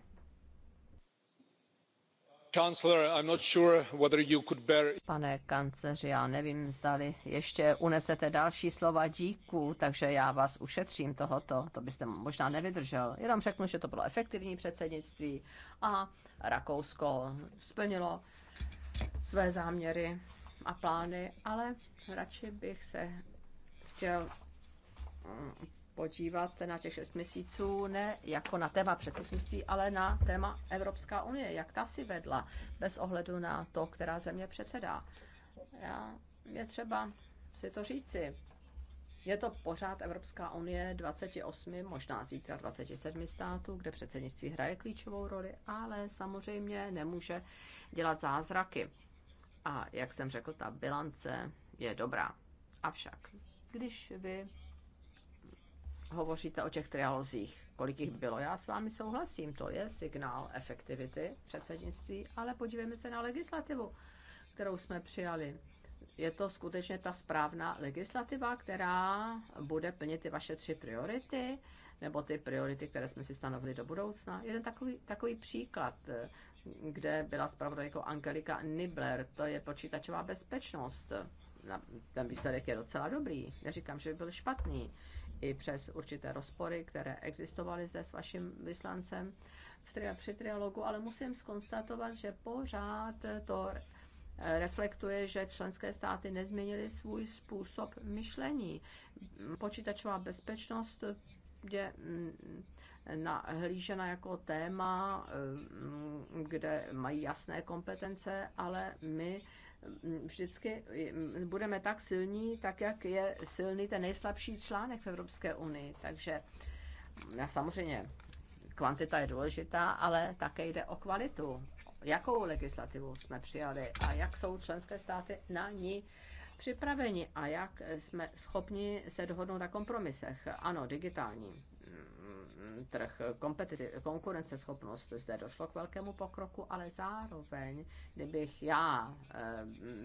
Speaker 1: Pane kancléři, já nevím, zdali ještě unesete další slova díku, takže já vás ušetřím tohoto, to byste možná nevydržel. Jenom řeknu, že to bylo efektivní předsednictví a Rakousko splnilo své záměry a plány, ale radši bych se chtěl podívat na těch šest měsíců ne jako na téma předsednictví, ale na téma Evropská unie, jak ta si vedla, bez ohledu na to, která země předsedá. Já, je třeba si to říci. Je to pořád Evropská unie 28, možná zítra 27 států, kde předsednictví hraje klíčovou roli, ale samozřejmě nemůže dělat zázraky. A jak jsem řekl, ta bilance je dobrá. Avšak,
Speaker 5: když vy
Speaker 1: hovoříte o těch trialozích, kolik jich bylo. Já s vámi souhlasím, to je signál efektivity předsednictví, ale podívejme se na legislativu, kterou jsme přijali. Je to skutečně ta správná legislativa, která bude plnit ty vaše tři priority, nebo ty priority, které jsme si stanovili do budoucna. Jeden takový, takový příklad, kde byla zpravodajkou Angelika Nibler, to je počítačová bezpečnost. Ten výsledek je docela dobrý, neříkám, že by byl špatný i přes určité rozpory, které existovaly zde s vaším vyslancem v tri- při trialogu, ale musím skonstatovat, že pořád to reflektuje, že členské státy nezměnily svůj způsob myšlení. Počítačová bezpečnost je mm, nahlížena jako téma, mm, kde mají jasné kompetence, ale my Ehm, vždycky ehm, budeme tak silní, tak jak je silný ten nejslabší článek v Evropské unii. Takže ehm, samozřejmě kvantita je důležitá, ale také jde o kvalitu. Jakou legislativu jsme přijali a jak jsou členské státy na ní připraveni a jak jsme schopni se dohodnout na kompromisech. Ano, digitální trh, konkurenceschopnost. Zde došlo k velkému pokroku, ale zároveň, kdybych já eh,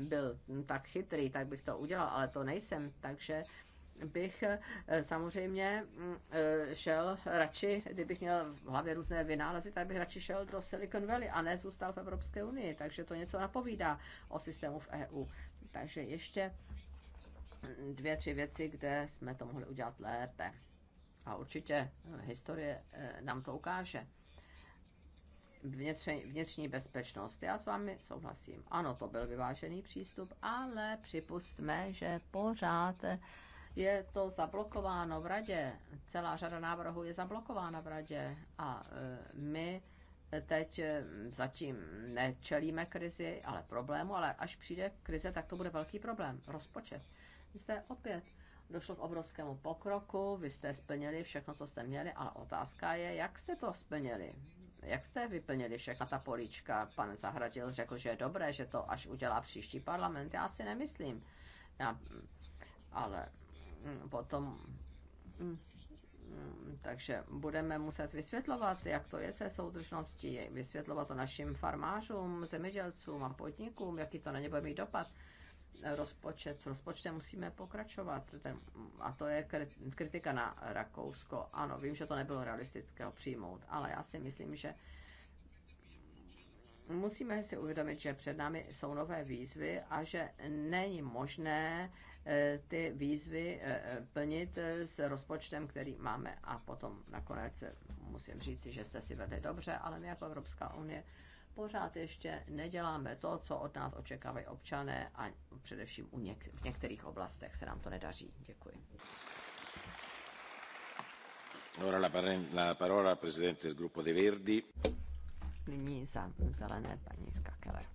Speaker 1: byl tak chytrý, tak bych to udělal, ale to nejsem, takže bych eh, samozřejmě mm, eh, šel radši, kdybych měl v hlavě různé vynálezy, tak bych radši šel do Silicon Valley a ne zůstal v Evropské unii. Takže to něco napovídá o systému v EU. Takže ještě dvě, tři věci, kde jsme to mohli udělat lépe a určitě eh, historie eh, nám to ukáže. Vnitřní, vnitřní bezpečnost. Já s vámi souhlasím. Ano, to byl vyvážený přístup, ale připustme, že pořád je to zablokováno v radě. Celá řada návrhů je zablokována v radě a eh, my teď zatím nečelíme krizi, ale problému, ale až přijde krize, tak to bude velký problém. Rozpočet. Zde opět došlo k obrovskému pokroku, vy jste splnili všechno, co jste měli, ale otázka je, jak jste to splnili? Jak jste vyplnili všechna ta políčka? Pan Zahradil řekl, že je dobré, že to až udělá příští parlament. Já si nemyslím. Já, ale mm, potom... Mm, mm, takže budeme muset vysvětlovat, jak to je se soudržností, vysvětlovat to našim farmářům, zemědělcům a podnikům, jaký to na ně bude mít dopad rozpočet, s rozpočtem musíme pokračovat. Ten, a to je kritika na Rakousko. Ano, vím, že to nebylo realistické přijmout, ale já si myslím, že musíme si uvědomit, že před námi jsou nové výzvy a že není možné eh, ty výzvy eh, eh, plnit s rozpočtem, který máme. A potom nakonec musím říct, že jste si vedli dobře, ale my jako Evropská unie pořád ještě neděláme to, co od nás očekávají občané a především u něk- v některých oblastech se nám to nedaří. Děkuji.
Speaker 2: Ora la, la parola presidente del gruppo dei Verdi.
Speaker 1: Nyní za zelené paní Skakeler.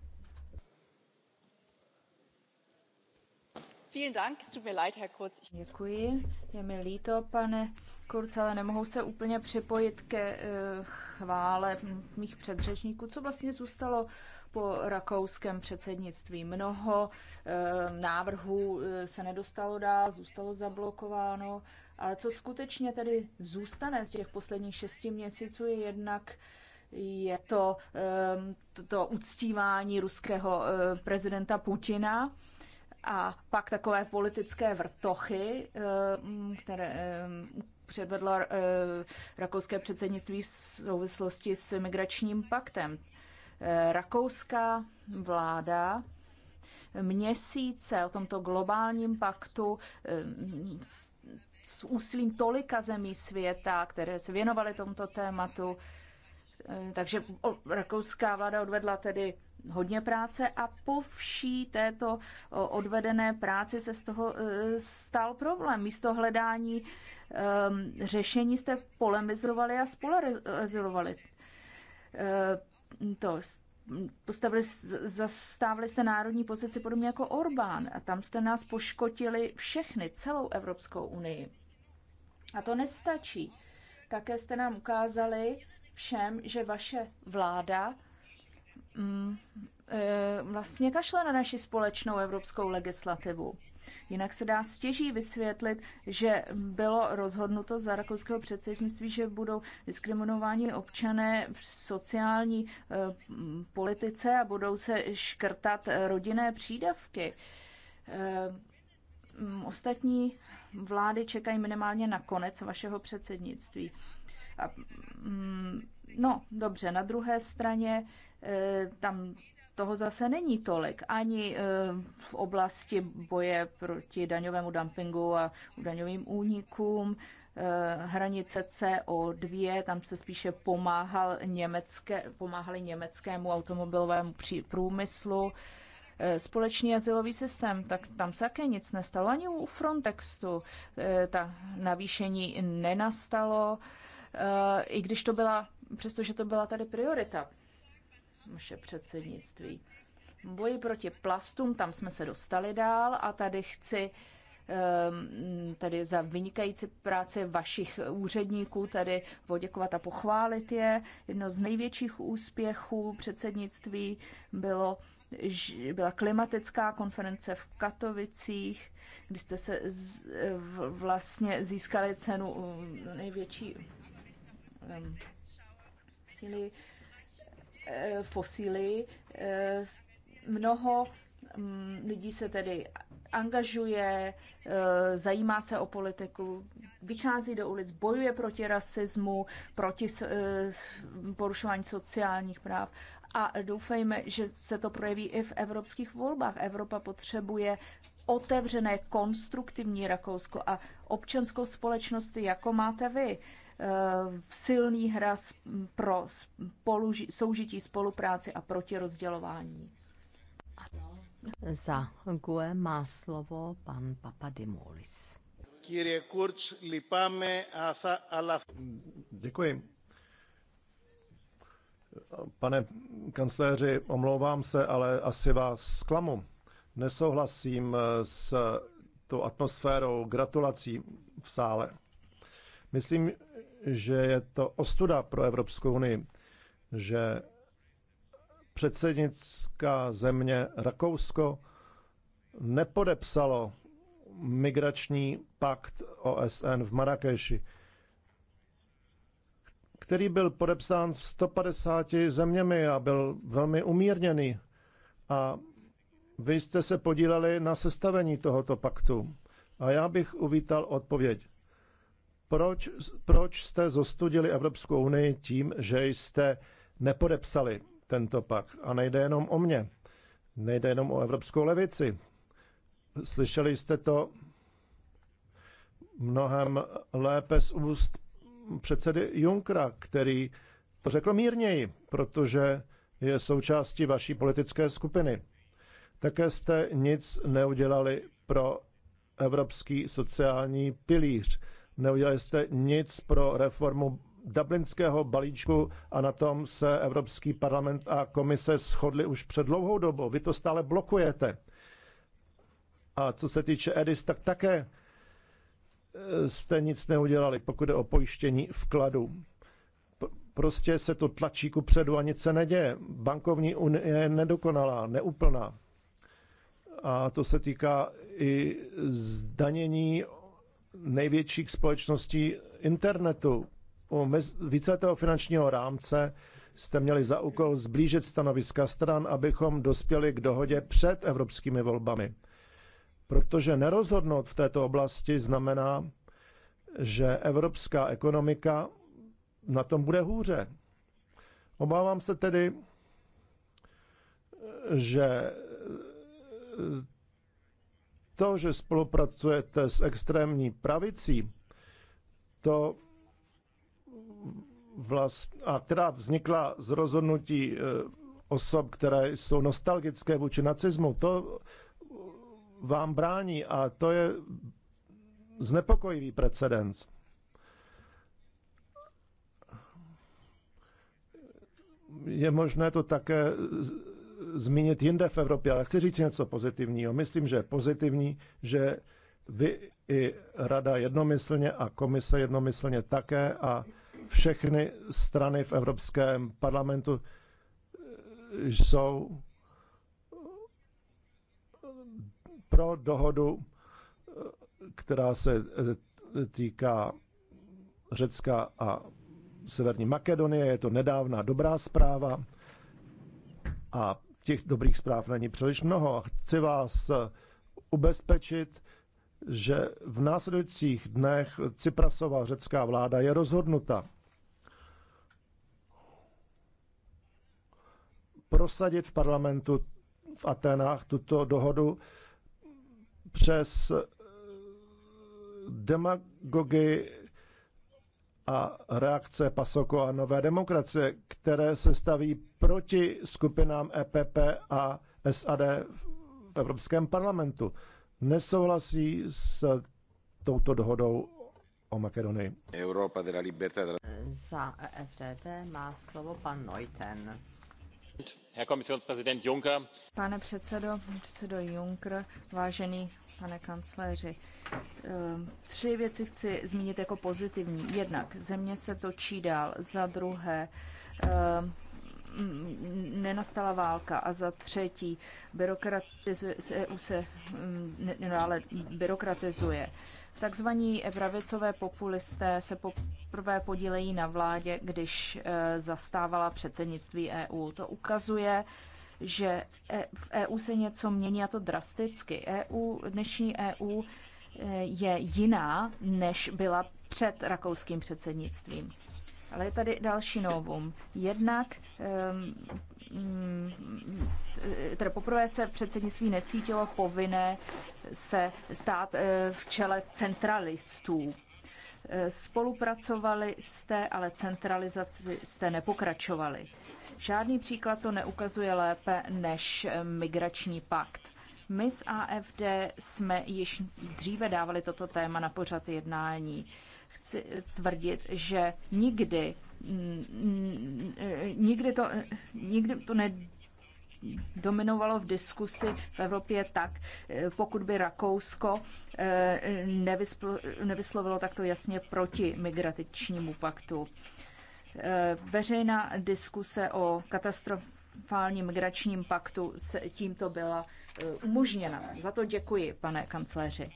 Speaker 3: Vielen Dank, es tut mir leid, Herr Kurz. Děkuji, je mi líto, pane Kurz, ale nemohu se úplně připojit ke eh, chvále mých předřečníků, co vlastně zůstalo po rakouském předsednictví. Mnoho eh, návrhů eh, se nedostalo dál, zůstalo zablokováno, ale co skutečně tedy zůstane z těch posledních šesti měsíců je jednak je to, to uctívání ruského prezidenta Putina a pak takové politické vrtochy, které předvedla uh, eh, rakouské předsednictví v souvislosti s migračním paktem. Uh, rakouská vláda měsíce o tomto globálním paktu s, eh, s úsilím tolika zemí světa, které se věnovaly tomuto tématu. Takže rakouská vláda odvedla tedy hodně práce a po vší této odvedené práci se z toho stal problém. Místo hledání um, řešení jste polemizovali a spolarizovali. Uh, to postavili, zastávali jste národní pozici podobně jako Orbán a tam jste nás poškotili všechny, celou Evropskou unii. A to nestačí. Také jste nám ukázali všem, že vaše vláda mm, e, vlastně kašle na naši společnou evropskou legislativu. Jinak se dá stěží vysvětlit, že bylo rozhodnuto za rakouského předsednictví, že budou diskriminováni občané v sociální eh, politice a budou se škrtat rodinné přídavky. Eh, mm, ostatní vlády čekají minimálně na konec vašeho předsednictví. A, mm, no, dobře, na druhé straně eh, tam toho zase není tolik. Ani eh, v oblasti boje proti daňovému dumpingu a daňovým únikům, eh, hranice CO2, tam se spíše pomáhal německé, pomáhali německému automobilovému průmyslu. Eh, společný asilový systém, tak tam se také nic nestalo. Ani u Frontextu ta navýšení nenastalo, i když to byla, přestože to byla tady priorita naše předsednictví. Boji proti plastům, tam jsme se dostali dál a tady chci ehm, tady za vynikající práci vašich úředníků tady poděkovat a pochválit je. Jedno z největších úspěchů předsednictví bylo byla klimatická konference v Katovicích, kdy jste se z, vlastně získali cenu ehm, největší um, síly fosily eh, eh, Mnoho mm, lidí se tedy angažuje, eh, zajímá se o politiku, vychází do ulic, bojuje proti rasismu, proti porušování sociálních práv. A doufejme, že se to projeví i v evropských volbách. Evropa potřebuje otevřené, konstruktivní Rakousko a občanskou společnost, jako máte vy. Silný hraz pro spoluži- soužití, spolupráci a proti rozdělování.
Speaker 1: Za GUE má slovo pan Papadimoulis.
Speaker 4: Děkuji. Pane kancléři, omlouvám se, ale asi vás zklamu. Nesouhlasím s tou atmosférou gratulací v sále. Myslím, že je to ostuda pro Evropskou unii že předsednická země Rakousko nepodepsalo migrační pakt OSN v Marrakeši, který byl podepsán 150 zeměmi a byl velmi umírněný. A vy jste se podíleli na sestavení tohoto paktu. A já bych uvítal odpověď. Proč, proč jste zostudili Evropskou unii tím, že jste nepodepsali tento pak. A nejde jenom o mě, nejde jenom o evropskou levici. Slyšeli jste to mnohem lépe z úst předsedy Junkra, který to řekl mírněji, protože je součástí vaší politické skupiny. Také jste nic neudělali pro evropský sociální pilíř. Neudělali jste nic pro reformu dublinského balíčku a na tom se Evropský parlament a komise shodli už před dlouhou dobou. Vy to stále blokujete. A co se týče EDIS, tak také e, jste nic neudělali, pokud je o pojištění vkladu. Prostě se to tlačí ku předu a nic se neděje. Bankovní unie je nedokonalá, neúplná. A to se týká i zdanění největších společností internetu u víceletého finančního rámce jste měli za úkol zblížit stanoviska stran, abychom dospěli k dohodě před evropskými volbami. Protože nerozhodnout v této oblasti znamená, že evropská ekonomika na tom bude hůře. Obávám se tedy, že to, že spolupracujete s extrémní pravicí, to vlast, a která vznikla z rozhodnutí eh, osob, které jsou nostalgické vůči nacismu, to vám brání a to je znepokojivý precedens. Je možné to také zmínit jinde v Evropě, ale chci říct něco pozitivního. Myslím, že je pozitivní, že vy i rada jednomyslně a komise jednomyslně také a všechny strany v Evropském parlamentu eh, jsou eh, pro dohodu, eh, která se týká Řecka a Severní Makedonie. Je to nedávná dobrá zpráva a těch dobrých zpráv není příliš mnoho. Chci vás ubezpečit, že v následujících dnech Ciprasová řecká vláda je rozhodnuta prosadit v parlamentu v Atenách tuto dohodu přes eh, demagogy a reakce Pasoko a Nové demokracie, které se staví proti skupinám EPP a SAD v Evropském parlamentu nesouhlasí s touto dohodou o Makedonii.
Speaker 2: Europa de la libertad.
Speaker 1: Za e FDD má slovo pan Neuten.
Speaker 3: Pane předsedo, předsedo Juncker, vážený pane kancléři, ehm, tři věci chci zmínit jako pozitivní. Jednak země se točí dál, za druhé ehm, Mm, nenastala válka. A za třetí, byrokratizuje, se, se mm, ne, ale byrokratizuje. Takzvaní pravicové populisté se poprvé podílejí na vládě, když eh, zastávala předsednictví EU. To ukazuje, že e, v EU se něco mění a to drasticky. EU, dnešní EU eh, je jiná, než byla před rakouským předsednictvím. Ale je tady další novum. Jednak ehm, mm, Tedy poprvé se předsednictví necítilo povinné se stát eh, v čele centralistů. Eh, spolupracovali jste, ale centralizaci jste nepokračovali. Žádný příklad to neukazuje lépe než ehm, migrační pakt. My z AFD jsme již dříve dávali toto téma na pořad jednání chci tvrdit, že nikdy, mm, mm, nikdy to, nikdy to ne, dominovalo v diskusi v Evropě tak, pokud by Rakousko eh, nevyslovilo takto jasně proti migračnímu paktu. Eh, veřejná diskuse o katastrofálním migračním paktu se tímto byla eh, umožněna. Za to děkuji, pane kancléři.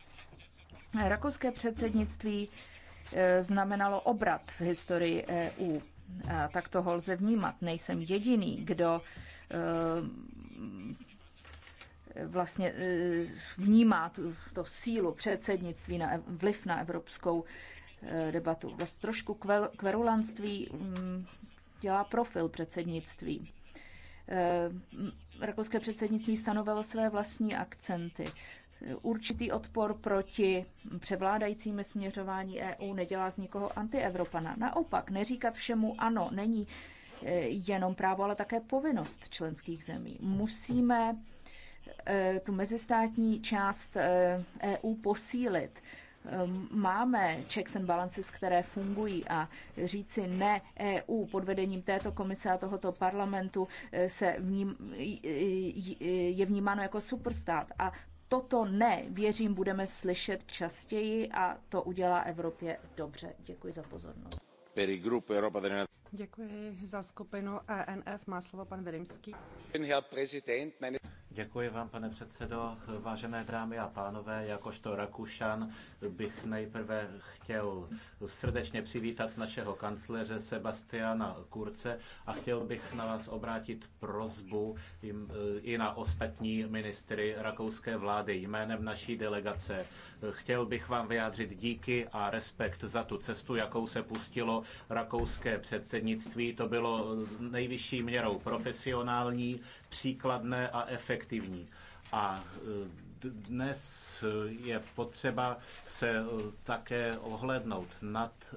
Speaker 3: Rakouské předsednictví E, znamenalo obrat v historii EU. A tak toho lze vnímat. Nejsem jediný, kdo e, vlastně e, vnímá tu, to sílu předsednictví na vliv na evropskou debatu. Vlastně trošku kverulanství mm, dělá profil předsednictví. Rakouské předsednictví stanovilo své vlastní akcenty určitý odpor proti převládajícími směřování EU nedělá z nikoho antievropana. Naopak, neříkat všemu ano není eh, jenom právo, ale také povinnost členských zemí. Musíme eh, tu mezistátní část EU eh, e posílit. Máme checks and balances, které fungují a říci ne EU pod vedením této komise a tohoto parlamentu se vním, je vnímáno jako superstát a toto ne, věřím, budeme slyšet častěji a to udělá Evropě dobře. Děkuji za pozornost.
Speaker 4: Děkuji za skupinu ENF. Má slovo pan Vilimský.
Speaker 2: Děkuji vám, pane předsedo. Vážené dámy a pánové, jakožto Rakušan bych nejprve chtěl srdečně přivítat našeho kancléře Sebastiana Kurce a chtěl bych na vás obrátit prozbu i na ostatní ministry rakouské vlády jménem naší delegace. Chtěl bych vám vyjádřit díky a respekt za tu cestu, jakou se pustilo rakouské předsednictví. To bylo nejvyšší měrou profesionální, příkladné a efektivní. A e, dnes je potřeba se e, také ohlednout nad e,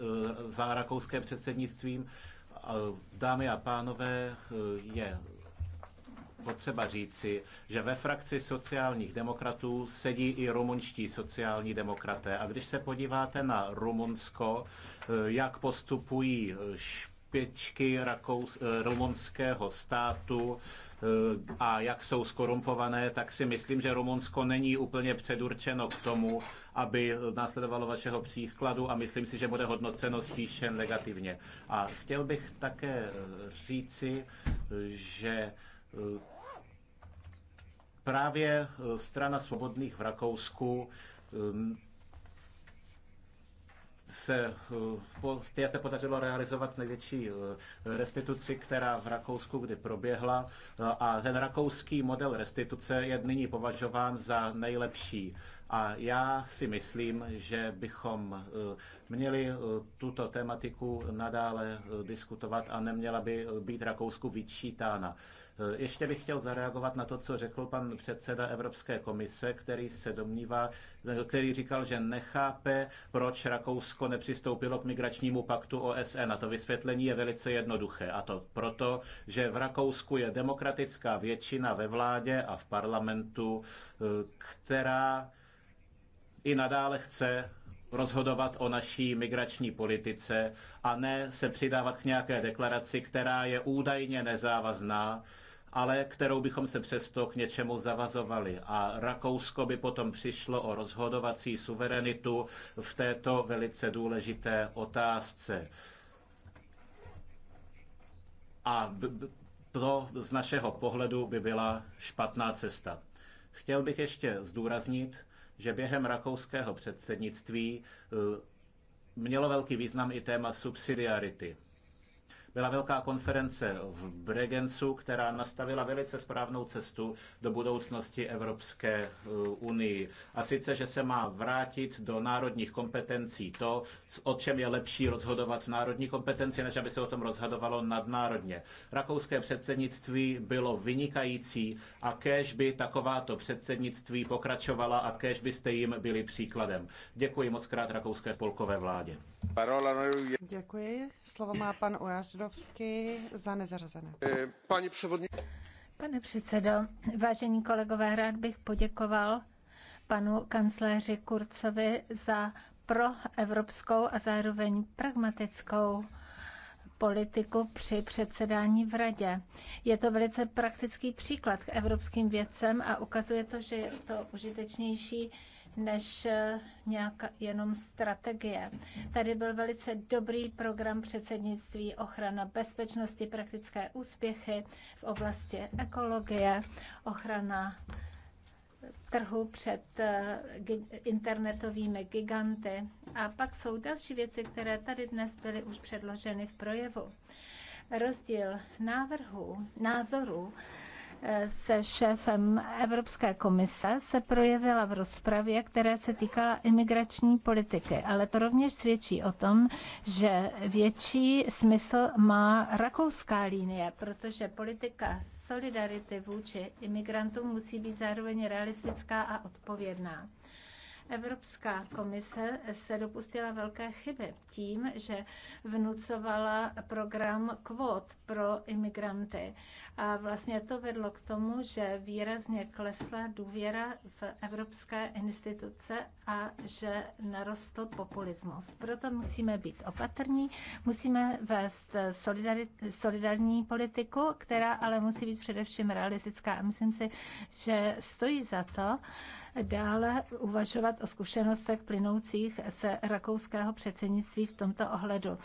Speaker 2: za rakouské předsednictvím. Dámy a pánové, je potřeba říci, že ve frakci sociálních demokratů sedí i rumunští sociální demokraté. A když se podíváte na Rumunsko, jak postupují špičky rakous, rumunského státu, Eh, a jak jsou skorumpované, tak si myslím, že Rumunsko není úplně předurčeno k tomu, aby následovalo vašeho příkladu a myslím si, že bude hodnoceno spíše negativně. A chtěl bych také eh, říci, eh, že právě strana svobodných v Rakousku se, eh, se podařilo realizovat největší eh, restituci, která v Rakousku kdy proběhla eh, a ten rakouský model restituce je nyní považován za nejlepší. A já si myslím, že bychom měli tuto tematiku nadále diskutovat a neměla by být Rakousku vyčítána. Eh, ještě bych chtěl zareagovat na to, co řekl pan předseda Evropské komise, který se domnívá, eh, který říkal, že nechápe, proč Rakousko nepřistoupilo k migračnímu paktu OSN. A to vysvětlení je velice jednoduché. A to proto, že v Rakousku je demokratická většina ve vládě a v parlamentu, eh, která i nadále chce rozhodovat o naší migrační politice a ne se přidávat k nějaké deklaraci, která je údajně nezávazná ale kterou bychom se přesto k něčemu zavazovali. A Rakousko by potom přišlo o rozhodovací suverenitu v této velice důležité otázce. A to z našeho pohledu by byla špatná cesta. Chtěl bych ještě zdůraznit, že během rakouského předsednictví e, mělo velký význam i téma subsidiarity. Byla velká konference v Bregencu, která nastavila velice správnou cestu do budoucnosti Evropské eh, unii. A sice, že se má vrátit do národních kompetencí to, o čem je lepší rozhodovat národní kompetenci, než aby se o tom rozhodovalo nadnárodně. Rakouské předsednictví bylo vynikající a kež by takováto předsednictví pokračovala a kež byste jim byli příkladem. Děkuji moc krát rakouské spolkové vládě. No, Děkuji. Slovo má pan Ujazdovský za nezařazené. Eh, pani převodník.
Speaker 5: Pane předsedo, vážení kolegové, rád bych poděkoval panu kancléři Kurcovi za proevropskou a zároveň pragmatickou politiku při předsedání v radě. Je to velice praktický příklad k evropským věcem a ukazuje to, že je to užitečnější než eh, nějaká jenom strategie. Tady byl velice dobrý program předsednictví ochrana bezpečnosti, praktické úspěchy v oblasti ekologie, ochrana trhu před eh, internetovými giganty. A pak jsou další věci, které tady dnes byly už předloženy v projevu. Rozdíl návrhu, názoru se šéfem Evropské komise se projevila v rozpravě, která se týkala imigrační politiky. Ale to rovněž svědčí o tom, že větší smysl má rakouská linie, protože politika solidarity vůči imigrantům musí být zároveň realistická a odpovědná. Evropská komise se dopustila velké chyby tím, že vnucovala program kvót pro imigranty. A vlastně to vedlo k tomu, že výrazně klesla důvěra v evropské instituce a že narostl populismus. Proto musíme být opatrní, musíme vést solidární politiku, která ale musí být především realistická. A myslím si, že stojí za to, dále uvažovat o zkušenostech plynoucích se rakouského předsednictví v tomto ohledu.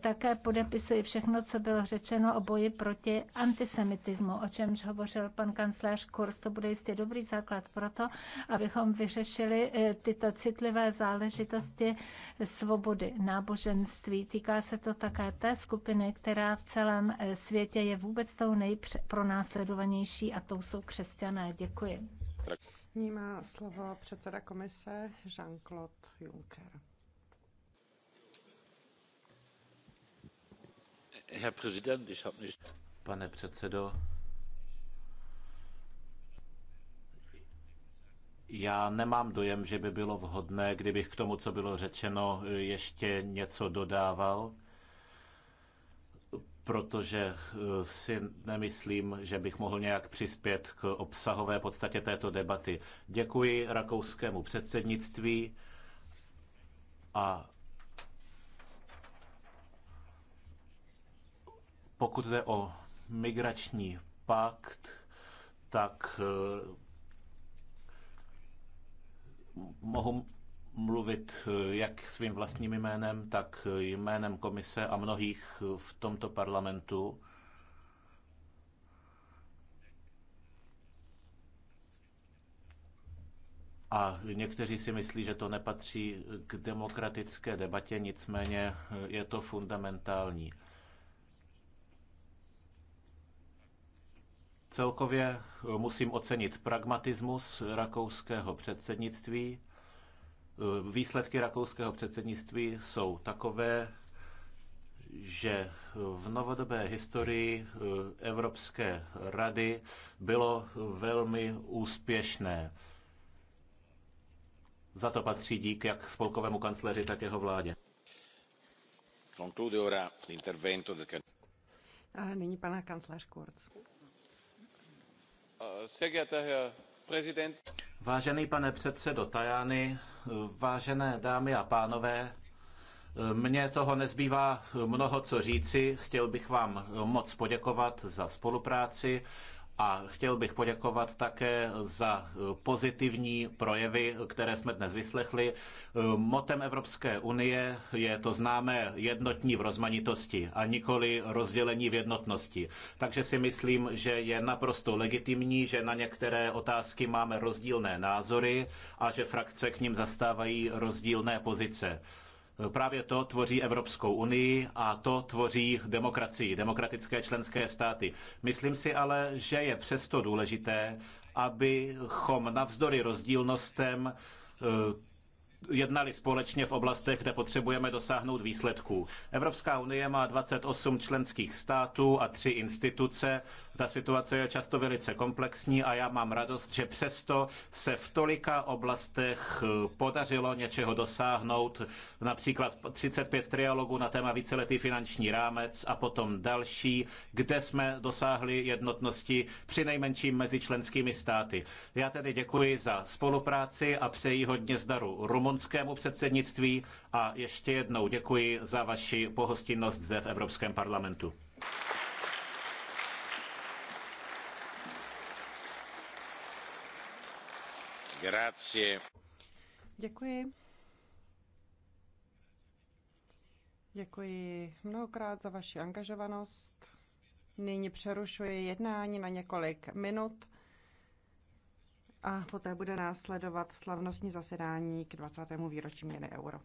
Speaker 5: Také podepisuji všechno, co bylo řečeno o boji proti antisemitismu, o čemž hovořil pan kancléř Kurz. To bude jistě dobrý základ pro to, abychom vyřešili eh, tyto citlivé záležitosti svobody náboženství. Týká se to také té skupiny, která v celém eh, světě je vůbec tou nejpronásledovanější a tou jsou křesťané. Děkuji.
Speaker 4: Nyní má slovo předseda komise Jean-Claude Juncker.
Speaker 2: Pane předsedo, Já nemám dojem, že by bylo vhodné, kdybych k tomu, co bylo řečeno, ještě něco dodával protože eh, si nemyslím, že bych mohl nějak přispět k obsahové podstatě této debaty. Děkuji rakouskému předsednictví a pokud jde o migrační pakt, tak eh, mohu mluvit eh, jak svým vlastním jménem, tak jménem komise a mnohých v tomto parlamentu. A někteří si myslí, že to nepatří k demokratické debatě, nicméně eh, je to fundamentální. Celkově eh, musím ocenit pragmatismus rakouského předsednictví Eh, výsledky rakouského předsednictví jsou takové, že v novodobé historii eh, Evropské rady bylo velmi úspěšné. Za to patří dík jak spolkovému kancléři, tak jeho vládě.
Speaker 4: A nyní pana kancléř Kurz.
Speaker 2: Eh, sehr geehrter Herr Vážený pane předsedo Tajany, vážené dámy a pánové, mně toho nezbývá mnoho co říci. Chtěl bych vám moc poděkovat za spolupráci a chtěl bych poděkovat také za pozitivní projevy, které jsme dnes vyslechli. Motem Evropské unie je to známé jednotní v rozmanitosti a nikoli rozdělení v jednotnosti. Takže si myslím, že je naprosto legitimní, že na některé otázky máme rozdílné názory a že frakce k ním zastávají rozdílné pozice. Právě to tvoří Evropskou unii a to tvoří demokracii, demokratické členské státy. Myslím si ale, že je přesto důležité, abychom navzdory rozdílnostem eh, jednali společně v oblastech, kde potřebujeme dosáhnout výsledků. Evropská unie má 28 členských států a tři instituce. Ta situace je často velice komplexní a já mám radost, že přesto se v tolika oblastech eh, podařilo něčeho dosáhnout. Například 35 trialogů na téma víceletý finanční rámec a potom další, kde jsme dosáhli jednotnosti při nejmenším mezi členskými státy. Já tedy děkuji za spolupráci a přeji hodně zdaru Rumunsku estonskému předsednictví a ještě jednou děkuji za vaši pohostinnost zde v Evropském parlamentu. Grazie.
Speaker 5: Děkuji.
Speaker 1: Děkuji mnohokrát za vaši angažovanost. Nyní přerušuji jednání na několik minut a poté bude
Speaker 4: následovat slavnostní zasedání k 20. výročí měny euro.